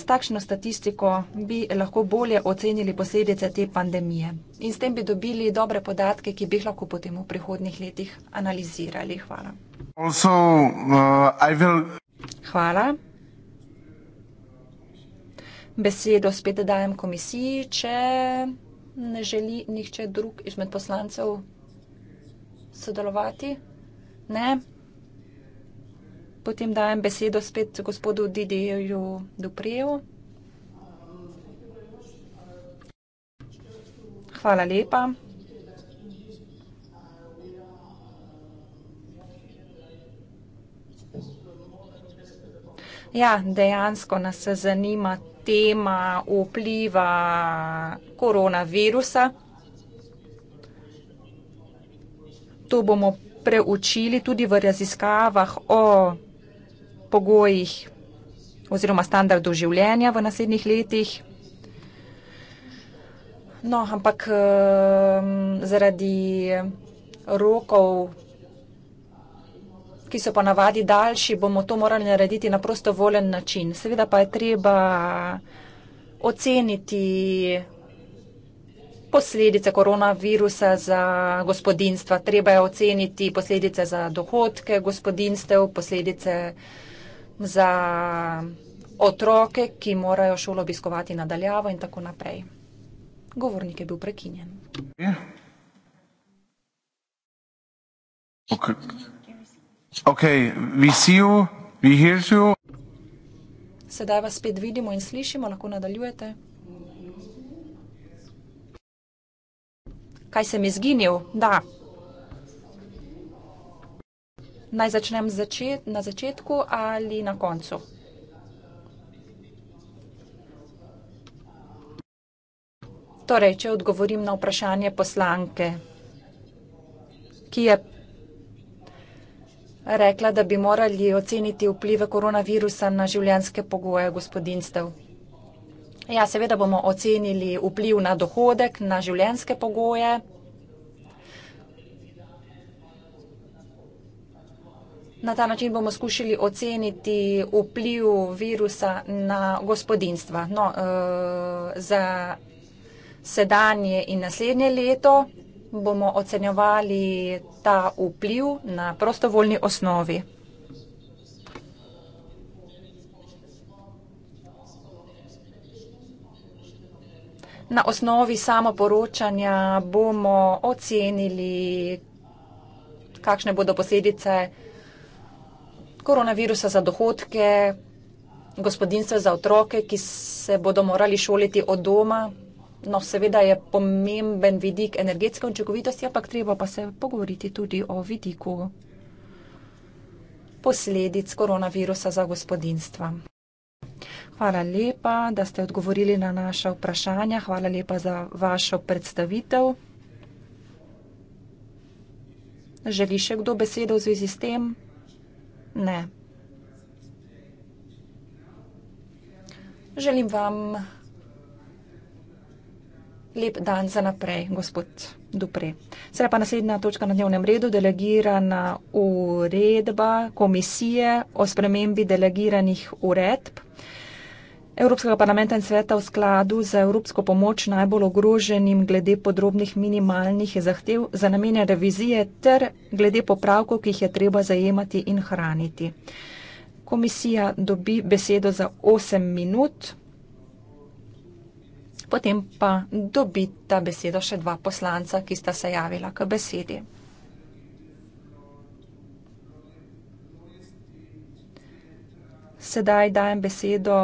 s takšno statistiko bi lahko bolje ocenili posledice te pandemije in s tem bi dobili dobre podatke, ki bi jih lahko potem v prihodnih letih analizirali. Hvala. Also, uh, will... Hvala. Besedo spet dajem komisiji, če ne želi nihče drug izmed poslancev sodelovati. Ne potem dajem besedo spet gospodu Didiju Duprijevu. Hvala lepa. Ja, dejansko nas se zanima tema vpliva koronavirusa. To bomo preučili tudi v raziskavah o koronavirusu pogojih oziroma standardu življenja v naslednjih letih. No, ampak ehm, zaradi rokov, ki so ponavadi daljši, bomo to morali narediti na prosto volen način. Seveda pa je treba oceniti posledice koronavirusa za gospodinstva. Treba je oceniti posledice za dohodke gospodinstev, posledice za za otroke, ki morajo šolo obiskovati nadaljavo in tako naprej. Govornik je bil prekinjen. Ja. Okay. Okay. Sedaj vas spet vidimo in slišimo, lahko nadaljujete. Kaj sem izginil? Da. Naj začnem začet, na začetku ali na koncu? Torej, če odgovorim na vprašanje poslanke, ki je rekla, da bi morali oceniti vplive koronavirusa na življenske pogoje gospodinstev. Ja, seveda bomo ocenili vpliv na dohodek, na življenske pogoje. Na ta način bomo skušali oceniti vpliv virusa na gospodinstva. No, eh, za sedanje in naslednje leto bomo ocenjevali ta vpliv na prostovoljni osnovi. Na osnovi samoporočanja bomo ocenili, kakšne bodo posledice vprašanja, koronavirusa za dohodke, gospodinstva za otroke, ki se bodo morali šoliti od doma. No, seveda je pomemben vidik energetske učinkovitosti, ampak treba pa se pogovoriti tudi o vidiku posledic koronavirusa za gospodinstva. Hvala lepa, da ste odgovorili na naša vprašanja. Hvala lepa za vašo predstavitev. Želi še kdo besedo v zvezi s tem? Ne. Želim vam lep dan za naprej, gospod Dupre. Sedaj pa naslednja točka na dnevnem redu, delegirana uredba komisije o spremembi delegiranih uredb. Evropskega parlamenta in sveta v skladu za evropsko pomoč najbolj ogroženim glede podrobnih minimalnih zahtev za namene revizije ter glede popravkov, ki jih je treba zajemati in hraniti. Komisija dobi besedo za 8 minut, potem pa dobi ta besedo še dva poslanca, ki sta se javila k besedi. Sedaj dajem besedo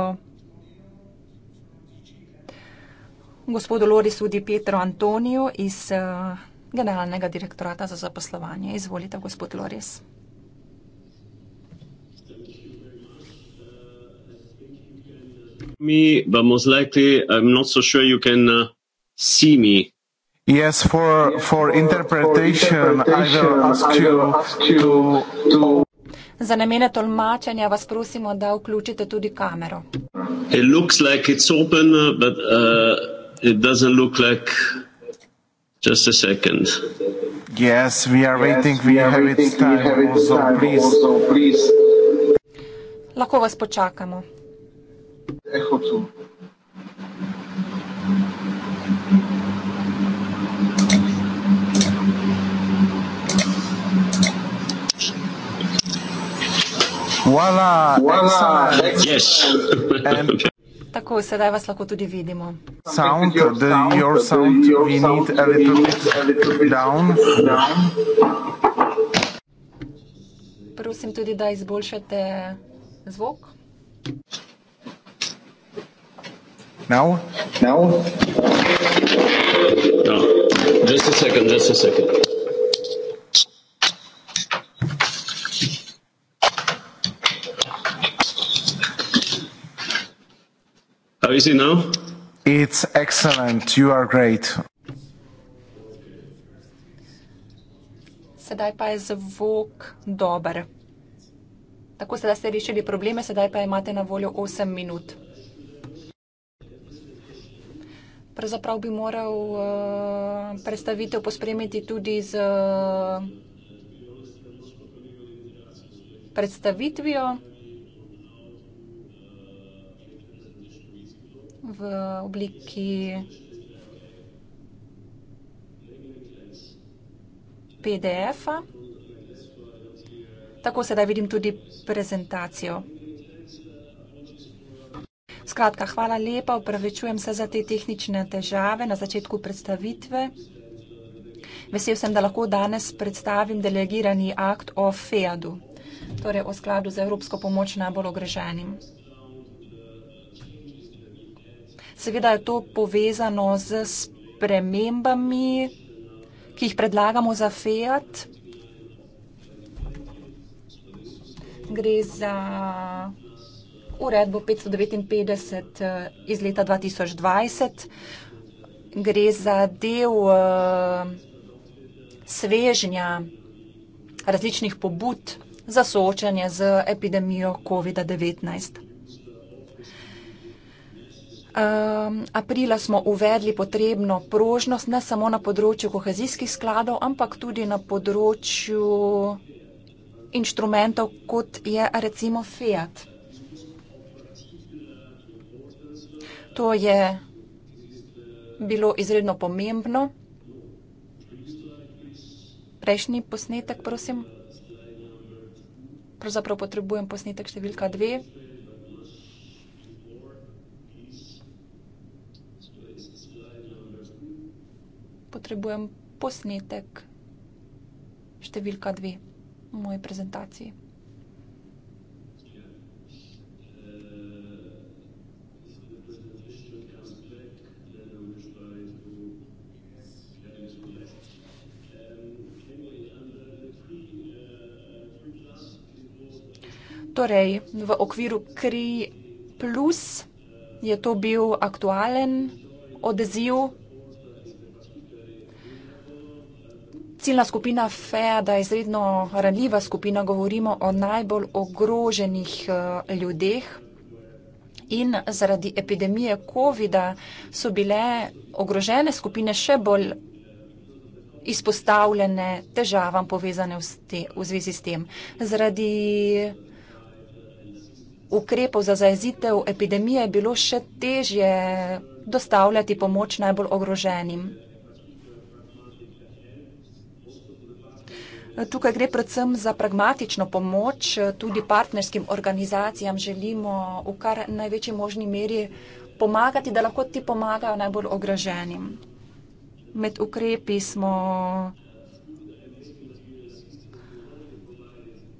gospodu Lorisu Di Petro Antoniju iz eh, Generalnega direktorata za zaposlovanje. Izvolite, gospod Loris. Me, but most likely, I'm not so sure you can uh, see me. Yes, for for interpretation, I will ask you to. to Za namene tolmačenja vas prosimo, da vključite tudi kamero. It looks like it's open, uh, but. Uh, it doesn't look like just a second. Yes, we are yes, waiting. We, we are have it time. Have it also, time. Please. also, please. Lahko vas počakamo. Voila, voila, excellent. yes. And tako, sedaj vas lahko tudi vidimo. Sound, the, your sound, we need a little bit down. Prosim tudi, da izboljšate zvok. Now? Now? No. Just a second, just a second. How is it now? It's excellent. You are great. Sedaj pa je zvok dober. Tako sedaj ste rešili probleme, sedaj pa imate na voljo 8 minut. Pravzaprav bi moral uh, predstavitev pospremiti tudi z uh, predstavitvijo. v obliki PDF-a. Tako sedaj vidim tudi prezentacijo. Skratka, hvala lepa, upravičujem se za te tehnične težave na začetku predstavitve. Vesel sem, da lahko danes predstavim delegirani akt o FEAD-u, torej o skladu za evropsko pomoč najbolj ogreženim. Seveda je to povezano z spremembami, ki jih predlagamo za FEAT. Gre za uredbo 559 eh, iz leta 2020. Gre za del eh, svežnja različnih pobud za soočanje z epidemijo COVID-19 um, aprila smo uvedli potrebno prožnost ne samo na področju kohezijskih skladov, ampak tudi na področju inštrumentov, kot je recimo Fiat. To je bilo izredno pomembno. Prejšnji posnetek, prosim. Pravzaprav potrebujem posnetek številka dve. potrebujem posnetek številka dve v moji prezentaciji. Torej, v okviru KRI plus je to bil aktualen odziv. Ciljna skupina FEDA je izredno ranljiva skupina, govorimo o najbolj ogroženih eh, ljudeh in zaradi epidemije COVID-a so bile ogrožene skupine še bolj izpostavljene težavam povezane v, te, v zvezi s tem. Zaradi ukrepov za zajezitev epidemije je bilo še težje dostavljati pomoč najbolj ogroženim. Tukaj gre predvsem za pragmatično pomoč, tudi partnerskim organizacijam želimo v kar največji možni meri pomagati, da lahko ti pomagajo najbolj ogroženim. Med ukrepi smo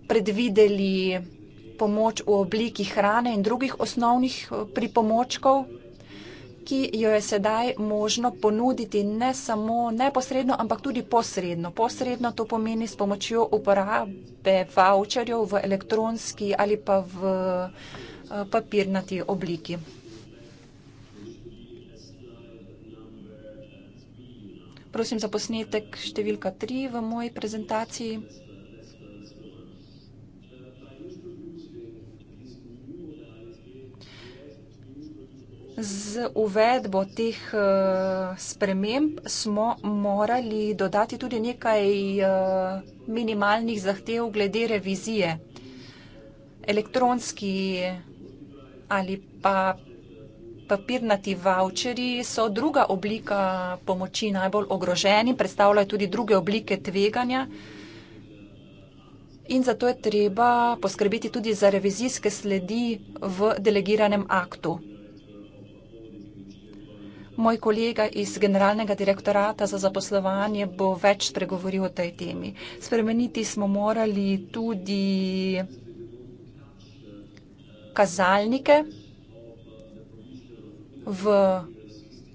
predvideli pomoč v obliki hrane in drugih osnovnih eh, pripomočkov obliki jo je sedaj možno ponuditi ne samo neposredno, ampak tudi posredno. Posredno to pomeni s pomočjo uporabe voucherjev v elektronski ali pa v eh, papirnati obliki. Prosim za posnetek številka 3 v moji prezentaciji. z uvedbo teh eh, sprememb smo morali dodati tudi nekaj eh, minimalnih zahtev glede revizije. Elektronski ali pa papirnati voucheri so druga oblika pomoči najbolj ogroženi, predstavljajo tudi druge oblike tveganja. In zato je treba poskrbeti tudi za revizijske sledi v delegiranem aktu. Moj kolega iz Generalnega direktorata za zaposlovanje bo več spregovoril o tej temi. Spremeniti smo morali tudi kazalnike v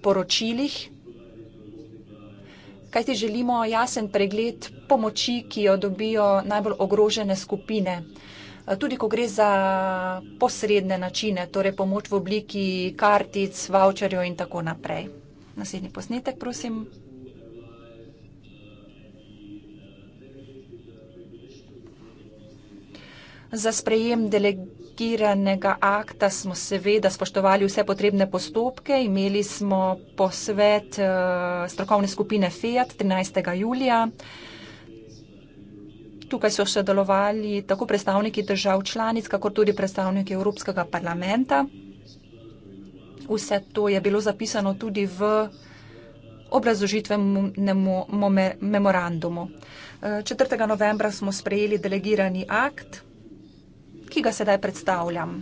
poročilih, kajti želimo jasen pregled pomoči, ki jo dobijo najbolj ogrožene skupine tudi ko gre za posredne načine, torej pomoč v obliki kartic, voucherjev in tako naprej. Naslednji posnetek, prosim. Za sprejem delegiranega akta smo seveda spoštovali vse potrebne postopke. Imeli smo posvet eh, strokovne skupine FEAT 13. julija. Tukaj so sodelovali tako predstavniki držav članic, kakor tudi predstavniki Evropskega parlamenta. Vse to je bilo zapisano tudi v obrazožitvenemu memorandumu. 4. Eh, novembra smo sprejeli delegirani akt, ki ga sedaj predstavljam.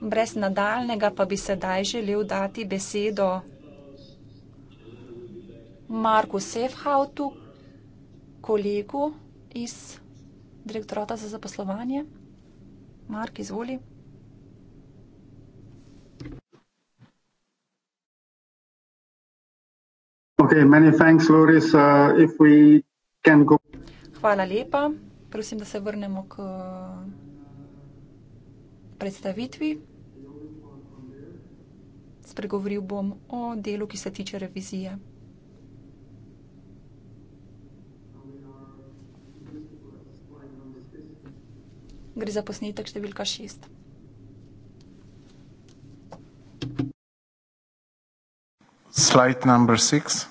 Brez nadaljnega pa bi sedaj želel dati besedo Marku Sefhautu, kolegu iz direktorata za zaposlovanje. Mark, izvoli. Okay, thanks, Loris, uh, Hvala lepa. Prosim, da se vrnemo k predstavitvi. Spregovoril bom o delu, ki se tiče revizije. Gre za posnetek številka šest. Slide number six.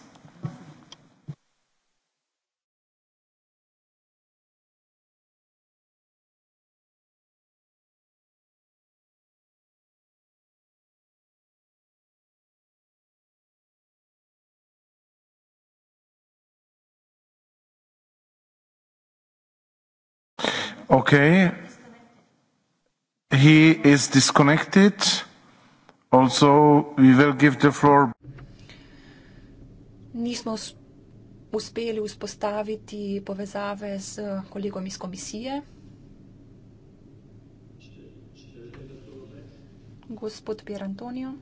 Okay. He is disconnected. Also, we will give the floor. Nismo uspeli vzpostaviti povezave s kolegom iz komisije. Gospod Pier Antonijo.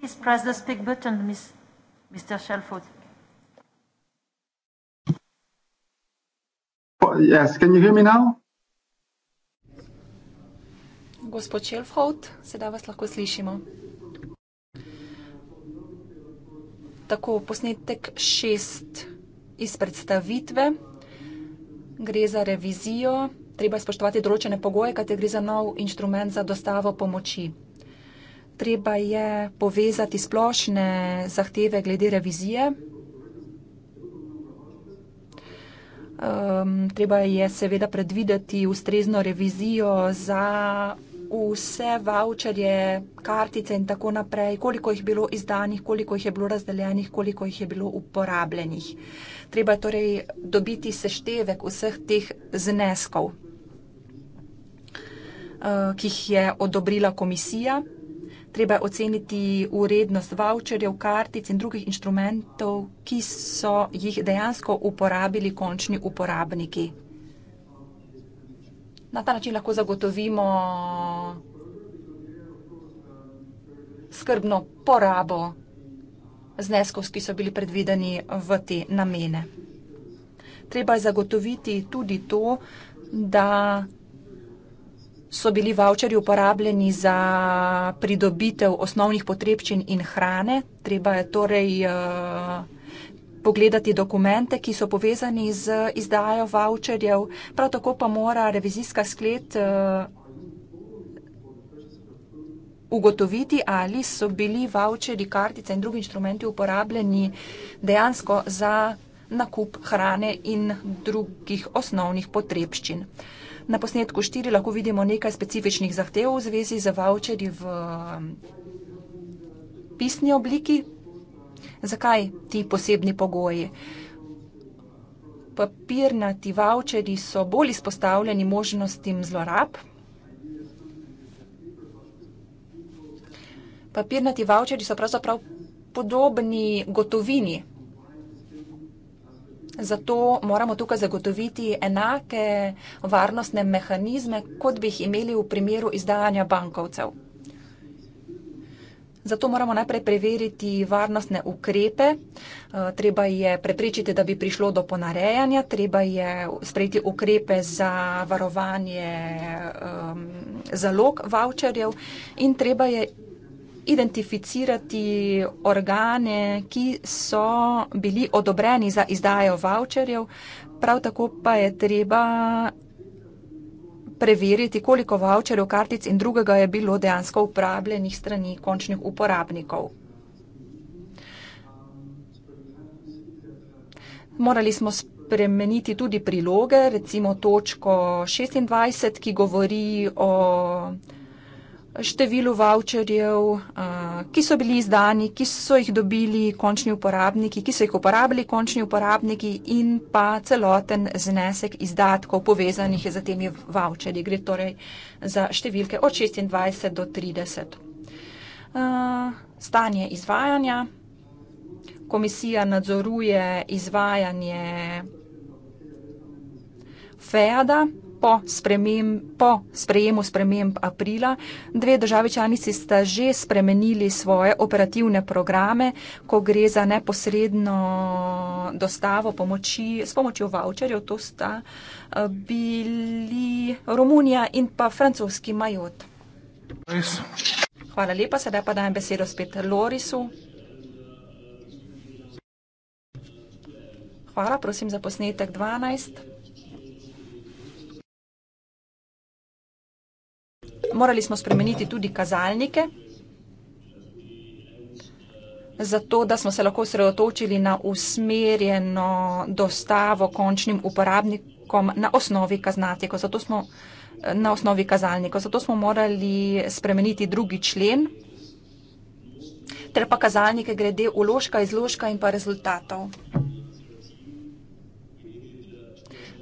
Please press the speak button, Ms. Mr. Shelford. Yes, can you hear me now? Gospod Šelfhout, sedaj vas lahko slišimo. Tako, posnetek šest iz predstavitve. Gre za revizijo, treba spoštovati določene pogoje, kajte gre za nov inštrument za dostavo pomoči treba je povezati splošne zahteve glede revizije. Um, treba je seveda predvideti ustrezno revizijo za vse voucherje, kartice in tako naprej, koliko jih je bilo izdanih, koliko jih je bilo razdeljenih, koliko jih je bilo uporabljenih. Treba je torej dobiti seštevek vseh teh zneskov, uh, ki jih je odobrila komisija treba oceniti urednost voucherjev, kartic in drugih inštrumentov, ki so jih dejansko uporabili končni uporabniki. Na ta način lahko zagotovimo skrbno porabo zneskov, ki so bili predvideni v te namene. Treba je zagotoviti tudi to, da so bili voucheri uporabljeni za pridobitev osnovnih potrebščin in hrane. Treba je torej eh, pogledati dokumente, ki so povezani z izdajo voucherjev. Prav tako pa mora revizijska sklet eh, ugotoviti, ali so bili voucheri, kartice in drugi inštrumenti uporabljeni dejansko za nakup hrane in drugih osnovnih potrebščin. Na posnetku 4 lahko vidimo nekaj specifičnih zahtev v zvezi z voucheri v um, pisni obliki. Zakaj ti posebni pogoji? Papirnati voucheri so bolj izpostavljeni možnostim zlorab. Papirnati voucheri so pravzaprav podobni gotovini. Zato moramo tukaj zagotoviti enake varnostne mehanizme, kot bi jih imeli v primeru izdajanja bankovcev. Zato moramo najprej preveriti varnostne ukrepe, eh, treba je preprečiti, da bi prišlo do ponarejanja, treba je sprejeti ukrepe za varovanje um, zalog voucherjev in treba je identificirati organe, ki so bili odobreni za izdajo voucherjev, prav tako pa je treba preveriti, koliko voucherjev, kartic in drugega je bilo dejansko uporabljenih strani končnih uporabnikov. Morali smo spremeniti tudi priloge, recimo točko 26, ki govori o številu voucherjev, ki so bili izdani, ki so jih dobili končni uporabniki, ki so jih uporabili končni uporabniki in pa celoten znesek izdatkov povezanih z temi voucherji. Gre torej za številke od 26 do 30. Stanje izvajanja. Komisija nadzoruje izvajanje FEAD-a po, spremem, po sprejemu sprememb aprila. Dve državi članici sta že spremenili svoje operativne programe, ko gre za neposredno dostavo pomoči s pomočjo voucherjev. To sta eh, bili Romunija in pa francoski majot. Hvala lepa, sedaj pa dajem besedo spet Lorisu. Hvala, prosim za posnetek 12. Morali smo spremeniti tudi kazalnike, zato da smo se lahko sredotočili na usmerjeno dostavo končnim uporabnikom na osnovi kaznatikov. Zato smo na osnovi kazalnikov. Zato smo morali spremeniti drugi člen, ter pa kazalnike glede uložka, izložka in pa rezultatov.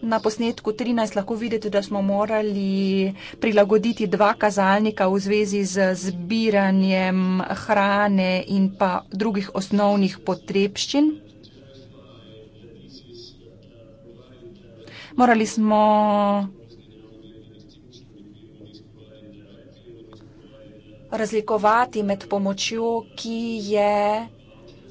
Na posnetku 13 lahko vidite, da smo morali prilagoditi dva kazalnika v zvezi z zbiranjem hrane in pa drugih osnovnih potrebščin. Morali smo razlikovati med pomočjo, ki je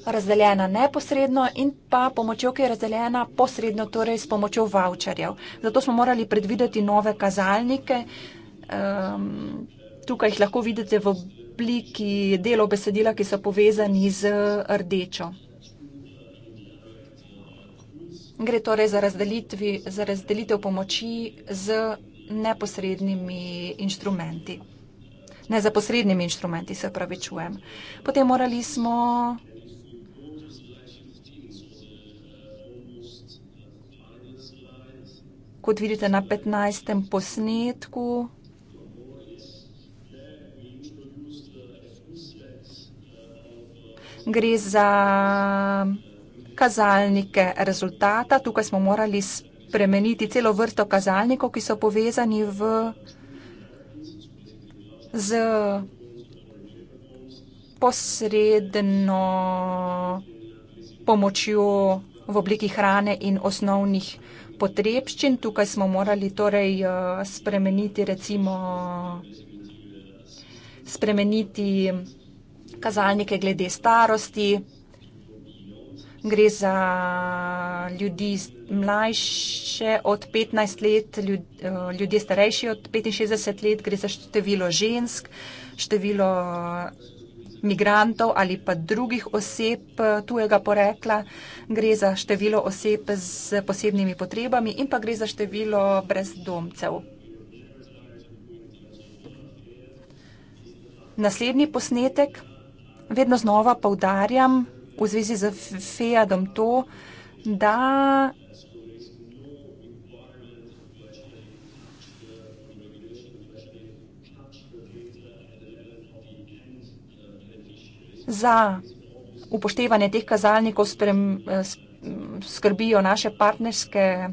razdeljena neposredno in pa pomočjo, ki je razdeljena posredno, torej s pomočjo voucherjev. Zato smo morali predvideti nove kazalnike. Um, tukaj jih lahko vidite v obliki delov besedila, ki so povezani z rdečo. Gre torej za, za razdelitev pomoči z neposrednimi inštrumenti. Ne za posrednimi inštrumenti, se pravi, čujem. Potem morali smo kot vidite na 15. posnetku. Gre za kazalnike rezultata. Tukaj smo morali spremeniti celo vrto kazalnikov, ki so povezani v, z posredno pomočjo v obliki hrane in osnovnih potrebščin. Tukaj smo morali torej eh, spremeniti, recimo, spremeniti kazalnike glede starosti. Gre za ljudi mlajše od 15 let, eh, ljudje starejši od 65 let, gre za število žensk, število migrantov ali pa drugih oseb tujega porekla. Gre za število oseb z posebnimi potrebami in pa gre za število brezdomcev. Naslednji posnetek, vedno znova poudarjam v zvezi z FEADom to, da za upoštevanje teh kazalnikov sprem, eh, skrbijo naše partnerske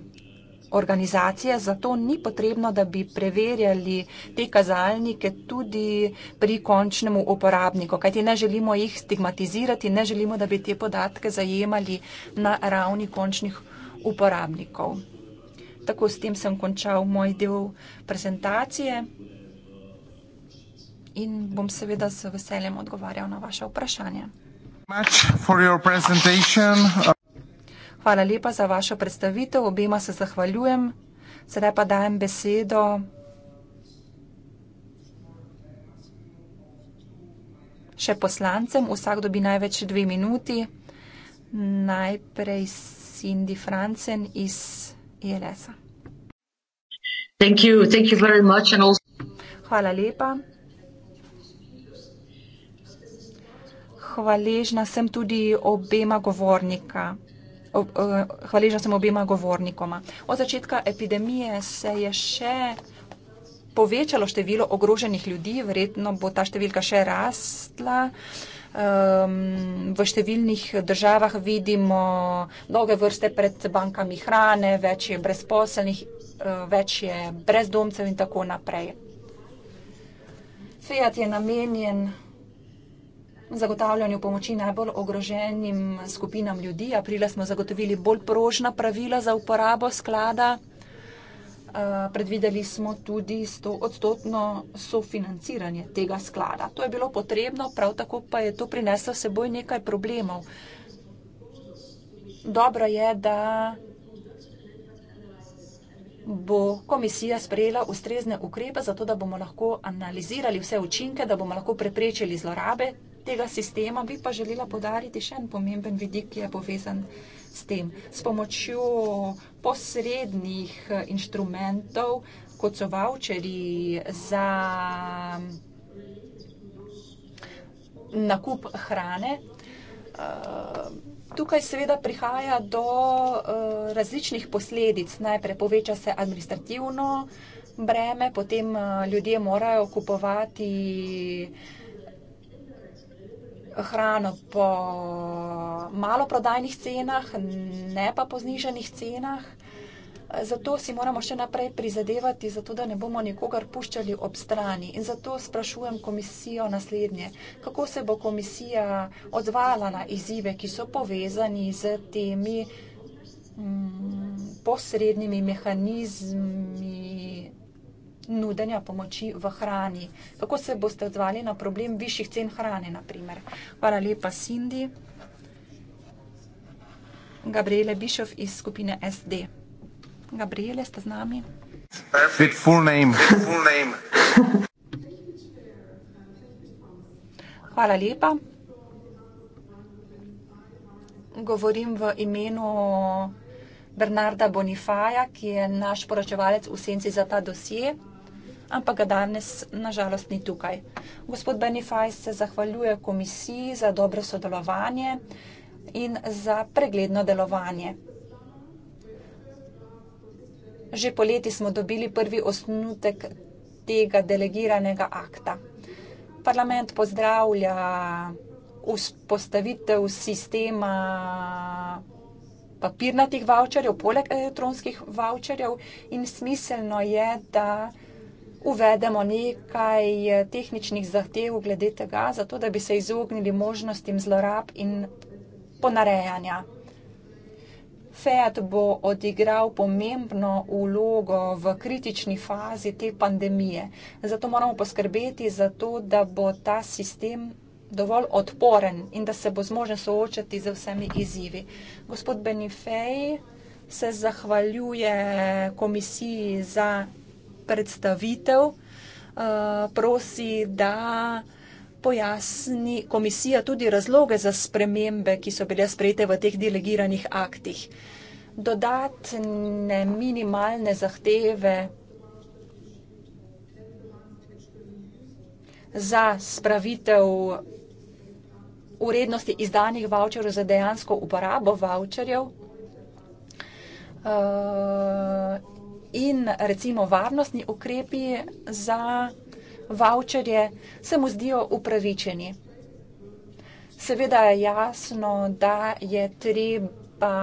organizacije, zato ni potrebno, da bi preverjali te kazalnike tudi pri končnemu uporabniku, kajti ne želimo jih stigmatizirati, ne želimo, da bi te podatke zajemali na ravni končnih uporabnikov. Tako s tem sem končal moj del prezentacije in bom seveda z veseljem odgovarjal na vaše vprašanje. Hvala lepa za vašo predstavitev, obema se zahvaljujem. Sedaj pa dajem besedo še poslancem, vsak dobi največ dve minuti. Najprej Cindy Francen iz ILS-a. E Hvala lepa. hvaležna sem tudi obema govornika. Eh, hvaležna sem obema govornikoma. Od začetka epidemije se je še povečalo število ogroženih ljudi, verjetno bo ta številka še rastla. Ehm, v številnih državah vidimo dolge vrste pred bankami hrane, več je brezposelnih, eh, več je brezdomcev in tako naprej. Fiat je namenjen zagotavljanju pomoči najbolj ogroženim skupinam ljudi. Aprila smo zagotovili bolj prožna pravila za uporabo sklada. Eh, predvideli smo tudi 100 odstotno sofinanciranje tega sklada. To je bilo potrebno, prav tako pa je to prineslo seboj nekaj problemov. Dobro je, da bo komisija sprejela ustrezne ukrepe, zato da bomo lahko analizirali vse učinke, da bomo lahko preprečili zlorabe tega sistema, bi pa želela podariti še en pomemben vidik, ki je povezan s tem. S pomočjo posrednih eh, inštrumentov, kot so voucheri za mm, nakup hrane, eh, Tukaj seveda prihaja do eh, različnih posledic. Najprej poveča se administrativno breme, potem ljudje morajo kupovati hrane, hrano po maloprodajnih cenah, ne pa po zniženih cenah. Zato si moramo še naprej prizadevati, zato da ne bomo nikogar puščali ob strani. In zato sprašujem komisijo naslednje, kako se bo komisija odzvala na izzive, ki so povezani z temi mm, posrednimi mehanizmi nudenja pomoči v hrani. Kako se boste odzvali na problem višjih cen hrane, na primer? Hvala lepa, Cindy. Gabriele Bišov iz skupine SD. Gabriele, ste z nami? Fit full name. Full name. Hvala lepa. Govorim v imenu Bernarda Bonifaja, ki je naš poročevalec v senci za ta dosje ampak ga danes nažalost ni tukaj. Gospod Benifaj se zahvaljuje komisiji za dobro sodelovanje in za pregledno delovanje. Že poleti smo dobili prvi osnutek tega delegiranega akta. Parlament pozdravlja vzpostavitev sistema papirnatih voucherjev, poleg elektronskih voucherjev in smiselno je, da uvedemo nekaj eh, tehničnih zahtev glede tega, zato da bi se izognili možnostim zlorab in ponarejanja. FED bo odigral pomembno vlogo v kritični fazi te pandemije. Zato moramo poskrbeti za to, da bo ta sistem dovolj odporen in da se bo zmožen soočati z vsemi izzivi. Gospod Benifej se zahvaljuje komisiji za predstavitev, eh, prosi, da pojasni komisija tudi razloge za spremembe, ki so bile sprejete v teh delegiranih aktih. Dodatne minimalne zahteve za spravitev urednosti izdanih vaučerov za dejansko uporabo vaučerjev eh, in recimo varnostni ukrepi za voucherje se mu zdijo upravičeni. Seveda je jasno, da je treba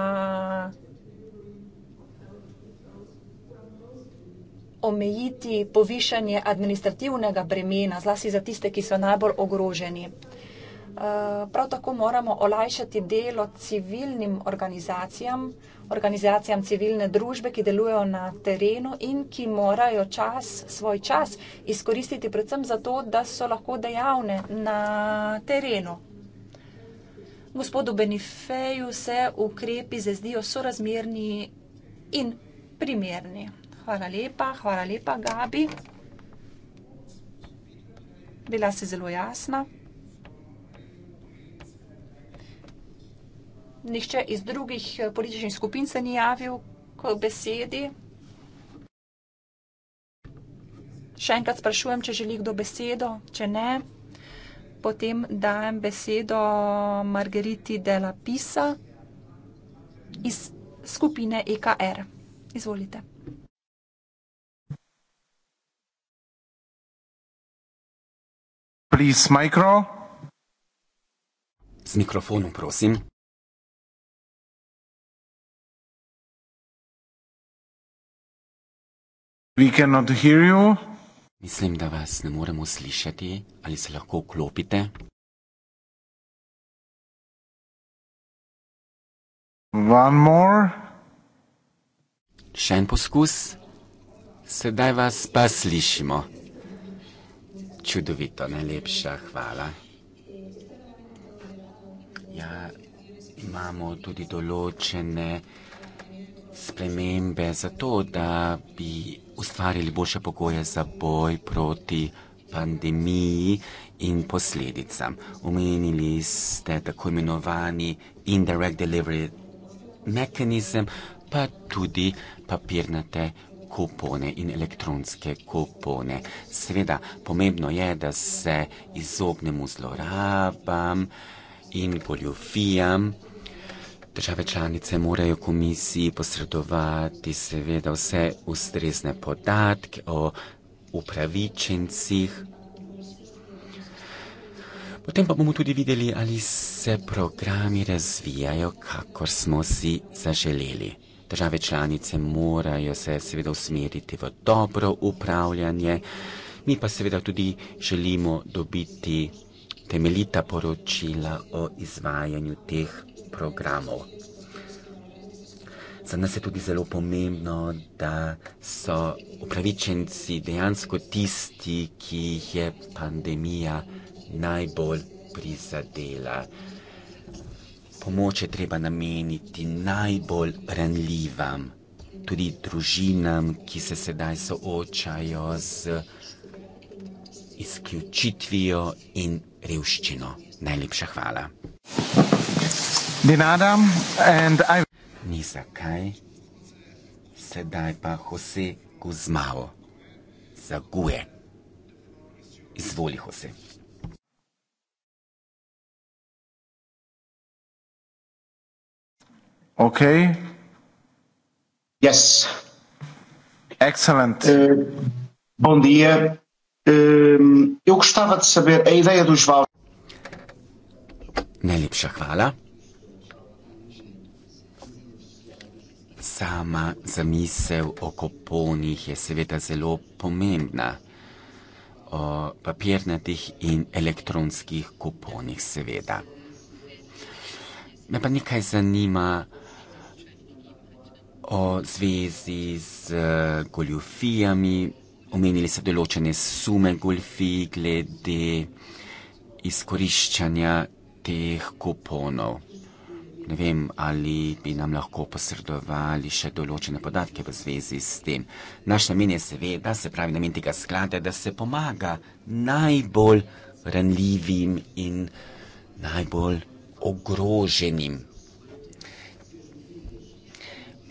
omejiti povišanje administrativnega bremena, zlasti za tiste, ki so najbolj ogroženi. Eh, prav tako moramo olajšati delo civilnim organizacijam, organizacijam civilne družbe, ki delujejo na terenu in ki morajo čas, svoj čas izkoristiti predvsem zato, da so lahko dejavne na terenu. Gospodu Benifeju se ukrepi zazdijo sorazmerni in primerni. Hvala lepa, hvala lepa, Gabi. Bila si zelo jasna. Nihče iz drugih eh, političnih skupin se ni javil k besedi. Še enkrat sprašujem, če želi kdo besedo, če ne. Potem dajem besedo Margeriti Dela Pisa iz skupine EKR. Izvolite. Please, micro. Z mikrofonom, prosim. Mislim, da vas ne moremo slišati. Ali se lahko vklopite? Še en poskus. Sedaj vas pa slišimo. Čudovito, najlepša hvala. Ja, imamo tudi določene spremembe zato, da bi ustvarili boljše pogoje za boj proti pandemiji in posledicam. Omenili ste tako imenovani indirect delivery mehanizem, pa tudi papirnate kupone in elektronske kupone. Seveda, pomembno je, da se izognemo zlorabam in goljofijam. Države članice morajo komisiji posredovati seveda vse ustrezne podatke o upravičencih. Potem pa bomo tudi videli, ali se programi razvijajo, kakor smo si zaželeli. Države članice morajo se seveda usmeriti v dobro upravljanje, mi pa seveda tudi želimo dobiti temeljita poročila o izvajanju teh programov programov. Za nas je tudi zelo pomembno, da so upravičenci dejansko tisti, ki jih je pandemija najbolj prizadela. Pomoč je treba nameniti najbolj ranljivam, tudi družinam, ki se sedaj soočajo z izključitvijo in revščino. Najlepša hvala. Dinadam and I. Ni zakaj, sedaj pa Jose Guzmao zaguje. Izvoli, Jose. Okay. Yes. Excellent. Uh, bom dia. Uh, eu gostava de saber a ideia dos Val. Najlepša hvala. Sama zamisel o koponih je seveda zelo pomembna, o papirnatih in elektronskih koponih seveda. Me pa nekaj zanima o zvezi z eh, goljufijami, omenili so določene sume goljufij glede izkoriščanja teh kuponov. Ne vem, ali bi nam lahko posredovali še določene podatke v zvezi s tem. Naš namen je seveda, se pravi namen tega sklada, da se pomaga najbolj ranljivim in najbolj ogroženim.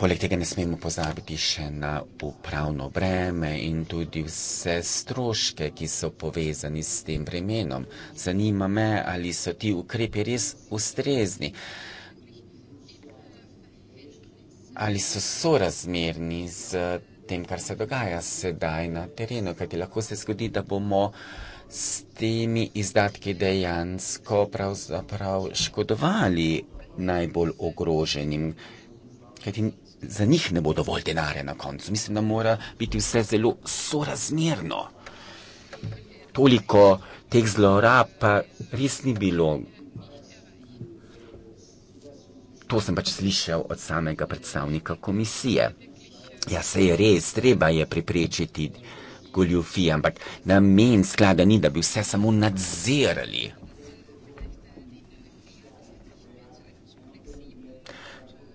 Poleg tega ne smemo pozabiti še na upravno breme in tudi vse stroške, ki so povezani s tem vremenom. Zanima me, ali so ti ukrepi res ustrezni ali so sorazmerni z eh, tem, kar se dogaja sedaj na terenu, kajti lahko se zgodi, da bomo s temi izdatki dejansko pravzaprav škodovali najbolj ogroženim, kajti za njih ne bo dovolj denarja na koncu. Mislim, da mora biti vse zelo sorazmerno. Toliko teh zlorab pa res ni bilo to sem pač slišal od samega predstavnika komisije. Ja, se je res, treba je preprečiti goljufije, ampak namen sklada ni, da bi vse samo nadzirali.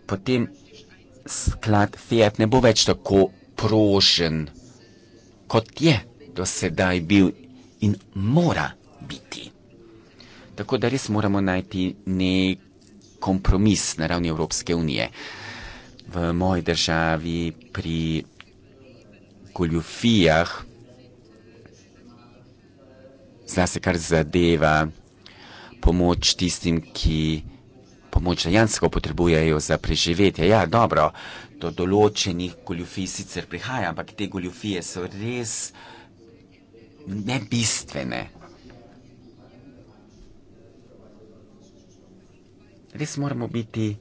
Potem sklad Fiat ne bo več tako prožen, kot je do sedaj bil in mora biti. Tako da res moramo najti nek kompromis na ravni Evropske unije. V moji državi pri goljufijah, zna se kar zadeva pomoč tistim, ki pomoč dejansko potrebujejo za preživetje. Ja, dobro, do določenih goljufij sicer prihaja, ampak te goljufije so res nebistvene. res moramo biti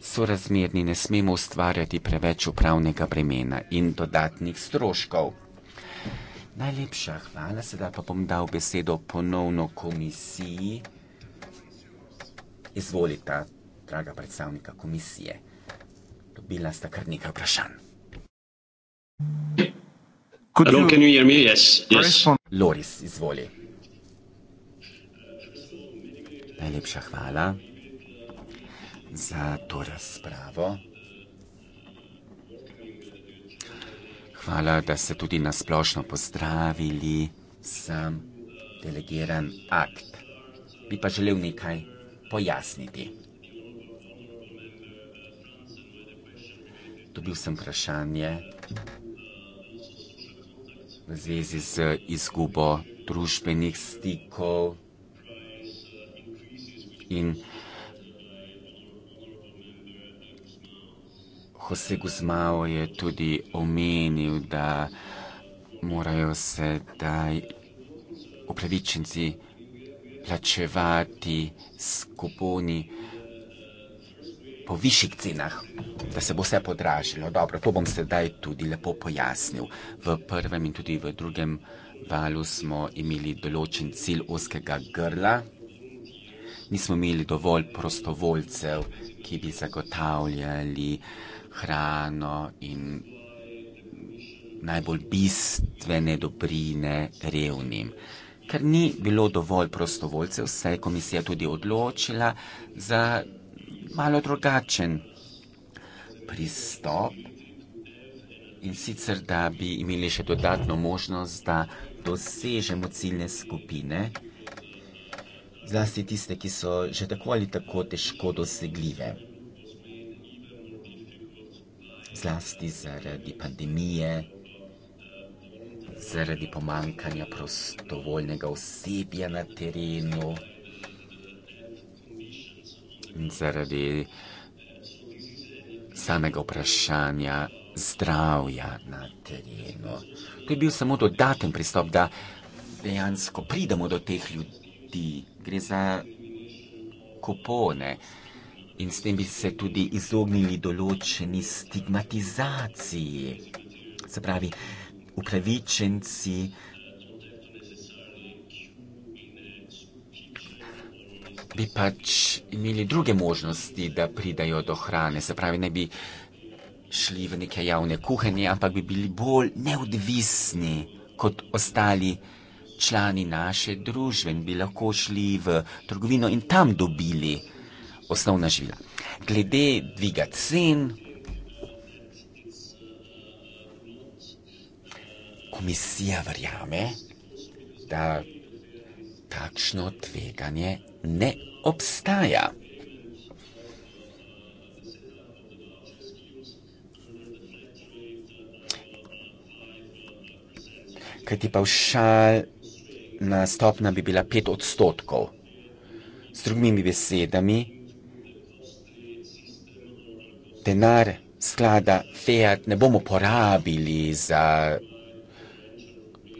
sorazmerni, ne smemo ustvarjati preveč upravnega bremena in dodatnih stroškov. Najlepša hvala, sedaj pa bom dal besedo ponovno komisiji. Izvolite, draga predstavnika komisije. Dobila sta kar nekaj vprašanj. Hello, can you hear me? Yes, yes. Loris, izvoli. Najlepša hvala za to razpravo. Hvala, da ste tudi nasplošno pozdravili sam delegiran akt. Bi pa želel nekaj pojasniti. Dobil sem vprašanje v zvezi z izgubo družbenih stikov in Jose Guzmao je tudi omenil, da morajo sedaj upravičenci plačevati s kuponi po višjih cenah, da se bo vse podražilo. Dobro, to bom sedaj tudi lepo pojasnil. V prvem in tudi v drugem valu smo imeli določen cilj oskega grla. Nismo imeli dovolj prostovoljcev, ki bi zagotavljali hrano in najbolj bistvene dobrine revnim. Ker ni bilo dovolj prostovoljcev, se je komisija tudi odločila za malo drugačen pristop in sicer, da bi imeli še dodatno možnost, da dosežemo ciljne skupine, zlasti tiste, ki so že tako ali tako težko dosegljive zlasti zaradi pandemije, zaradi pomankanja prostovoljnega osebja na terenu in zaradi samega vprašanja zdravja na terenu. To je bil samo dodaten pristop, da dejansko pridemo do teh ljudi. Gre za kupone in s tem bi se tudi izognili določeni stigmatizaciji. Se pravi, upravičenci bi pač imeli druge možnosti, da pridajo do hrane. Se pravi, ne bi šli v neke javne kuhanje, ampak bi bili bolj neodvisni kot ostali člani naše družbe in bi lahko šli v trgovino in tam dobili osnovna živila. Glede dviga cen, komisija verjame, da takšno tveganje ne obstaja. Kajti pavšalna stopna bi bila 5 odstotkov. Z drugimi besedami, denar sklada Fiat ne bomo porabili za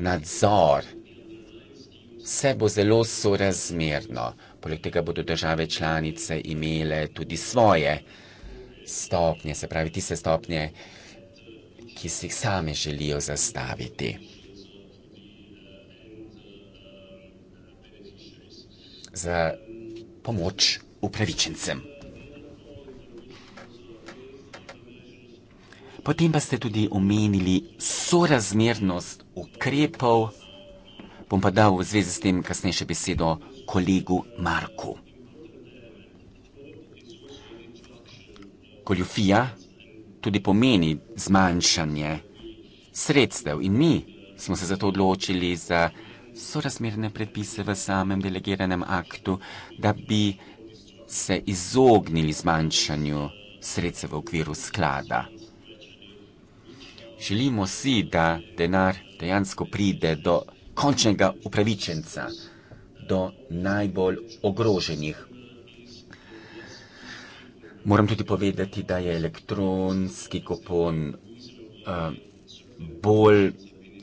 nadzor. Vse bo zelo sorazmerno. Poleg tega bodo države članice imele tudi svoje stopnje, se pravi tiste stopnje, ki si jih same želijo zastaviti. Za pomoč upravičencem. Potem pa ste tudi omenili sorazmernost ukrepov. Bom pa dal v zvezi s tem kasneje še besedo kolegu Marku. Goljufija tudi pomeni zmanjšanje sredstev in mi smo se zato odločili za sorazmerne predpise v samem delegiranem aktu, da bi se izognili zmanjšanju sredstev v okviru sklada želimo si, da denar dejansko pride do končnega upravičenca, do najbolj ogroženih. Moram tudi povedati, da je elektronski kupon uh, bolj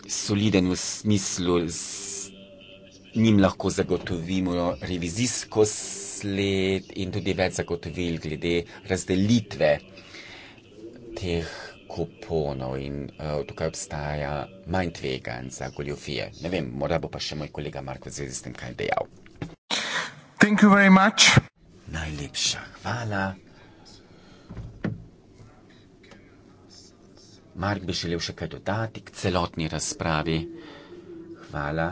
soliden v smislu, s njim lahko zagotovimo revizijsko sled in tudi več zagotovil glede razdelitve teh uh, kuponov in uh, eh, tukaj obstaja manj tvegan za goljofije. Ne vem, morda bo pa še moj kolega Mark v zvezi s tem kaj dejal. Thank you very much. Najlepša hvala. Mark bi želel še kaj dodati k celotni razpravi. Hvala.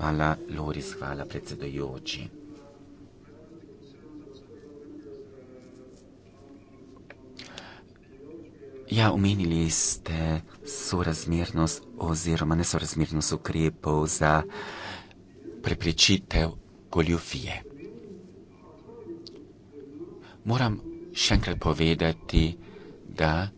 Hvala, Loris, hvala predsedojoči. Ja, omenili ste sorazmernost oziroma nesorazmernost ukrepov za preprečitev goljufije. Moram še enkrat povedati, da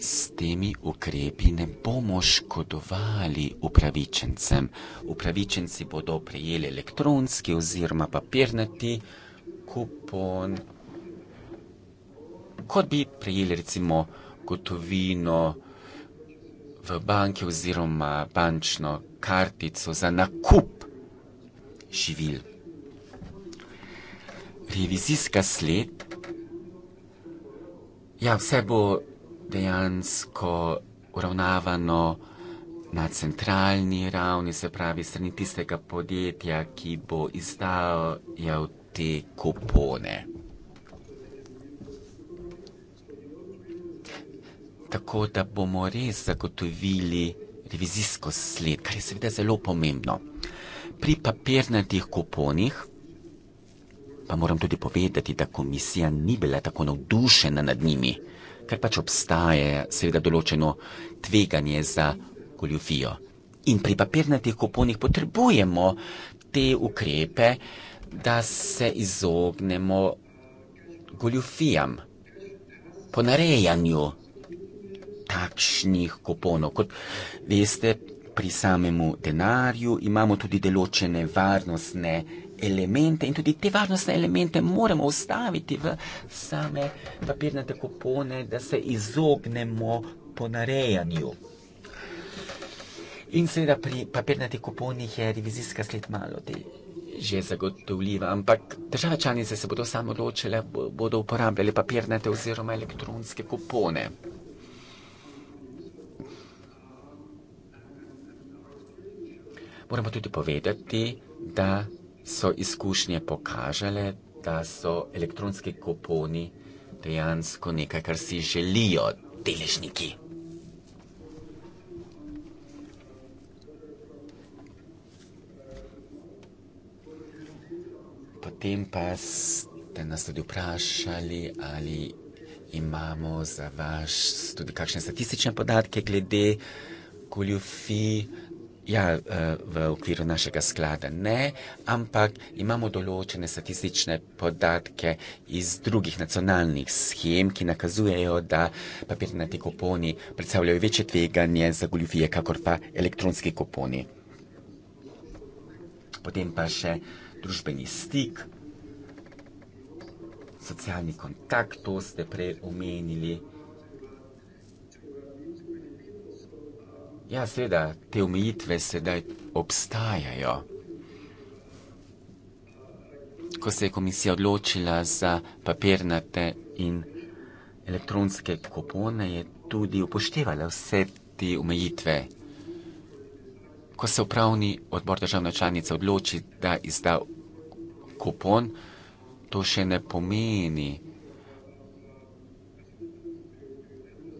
s temi ukrepi ne bomo škodovali upravičencem. Upravičenci bodo prejeli elektronski oziroma papirnati kupon, kot bi prejeli recimo gotovino v banki oziroma bančno kartico za nakup živil. Revizijska sled, ja, vse bo dejansko uravnavano na centralni ravni, se pravi, strani tistega podjetja, ki bo izdal te kupone. tako da bomo res zagotovili revizijsko sled, kar je seveda zelo pomembno. Pri papirnatih kuponih pa moram tudi povedati, da komisija ni bila tako navdušena nad njimi, ker pač obstaje seveda določeno tveganje za goljufijo. In pri papirnatih kuponih potrebujemo te ukrepe, da se izognemo goljufijam, ponarejanju takšnih kuponov. Kot veste, pri samemu denarju imamo tudi določene varnostne elemente in tudi te varnostne elemente moramo ustaviti v same papirnate kupone, da se izognemo ponarejanju. In seveda pri papirnatih kuponih je revizijska sled malo te že zagotovljiva, ampak države članice se bodo samo odločile, bodo uporabljali papirnate oziroma elektronske kupone. Moramo tudi povedati, da so izkušnje pokazale, da so elektronski kuponi dejansko nekaj, kar si želijo deležniki. Potem pa ste nas tudi vprašali, ali imamo za vas tudi kakšne statistične podatke glede goljufi ja, eh, v okviru našega sklada ne, ampak imamo določene statistične podatke iz drugih nacionalnih schem, ki nakazujejo, da papirnati kuponi predstavljajo večje tveganje za goljufije, kakor pa elektronski kuponi. Potem pa še družbeni stik, socialni kontakt, to ste prej omenili. Ja, seveda, te omejitve sedaj obstajajo. Ko se je komisija odločila za papirnate in elektronske kupone, je tudi upoštevala vse te omejitve. Ko se upravni odbor državne članice odloči, da izda kupon, to še ne pomeni,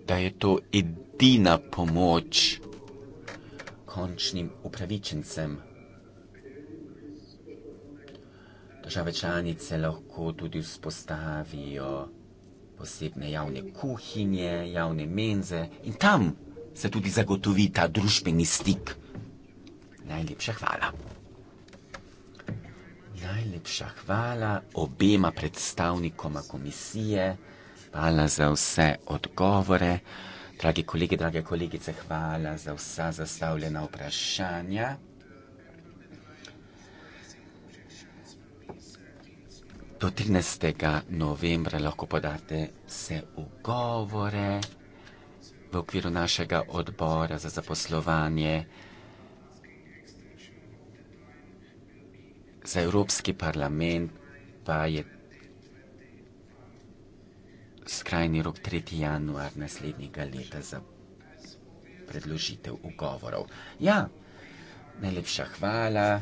da je to edina pomoč končnim upravičencem. Države članice lahko tudi vzpostavijo posebne javne kuhinje, javne menze in tam se tudi zagotovi ta družbeni stik. Najlepša hvala. Najlepša hvala obema predstavnikoma komisije. Hvala za vse odgovore. Dragi kolegi, drage kolegice, hvala za vsa zastavljena vprašanja. Do 13. novembra lahko podate vse ugovore v okviru našega odbora za zaposlovanje za Evropski parlament pa je skrajni rok 3. januar naslednjega leta za predložitev ugovorov. Ja, najlepša hvala.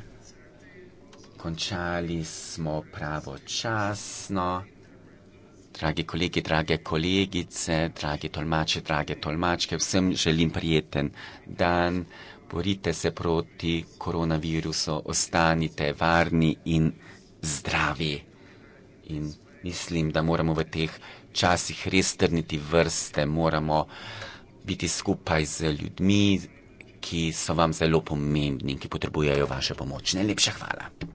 Končali smo pravočasno. Dragi kolegi, drage kolegice, dragi tolmači, drage tolmačke, vsem želim prijeten dan. Borite se proti koronavirusu, ostanite varni in zdravi. In mislim, da moramo v teh včasih res strniti vrste, moramo biti skupaj z ljudmi, ki so vam zelo pomembni in ki potrebujejo vašo pomoč. Najlepša hvala.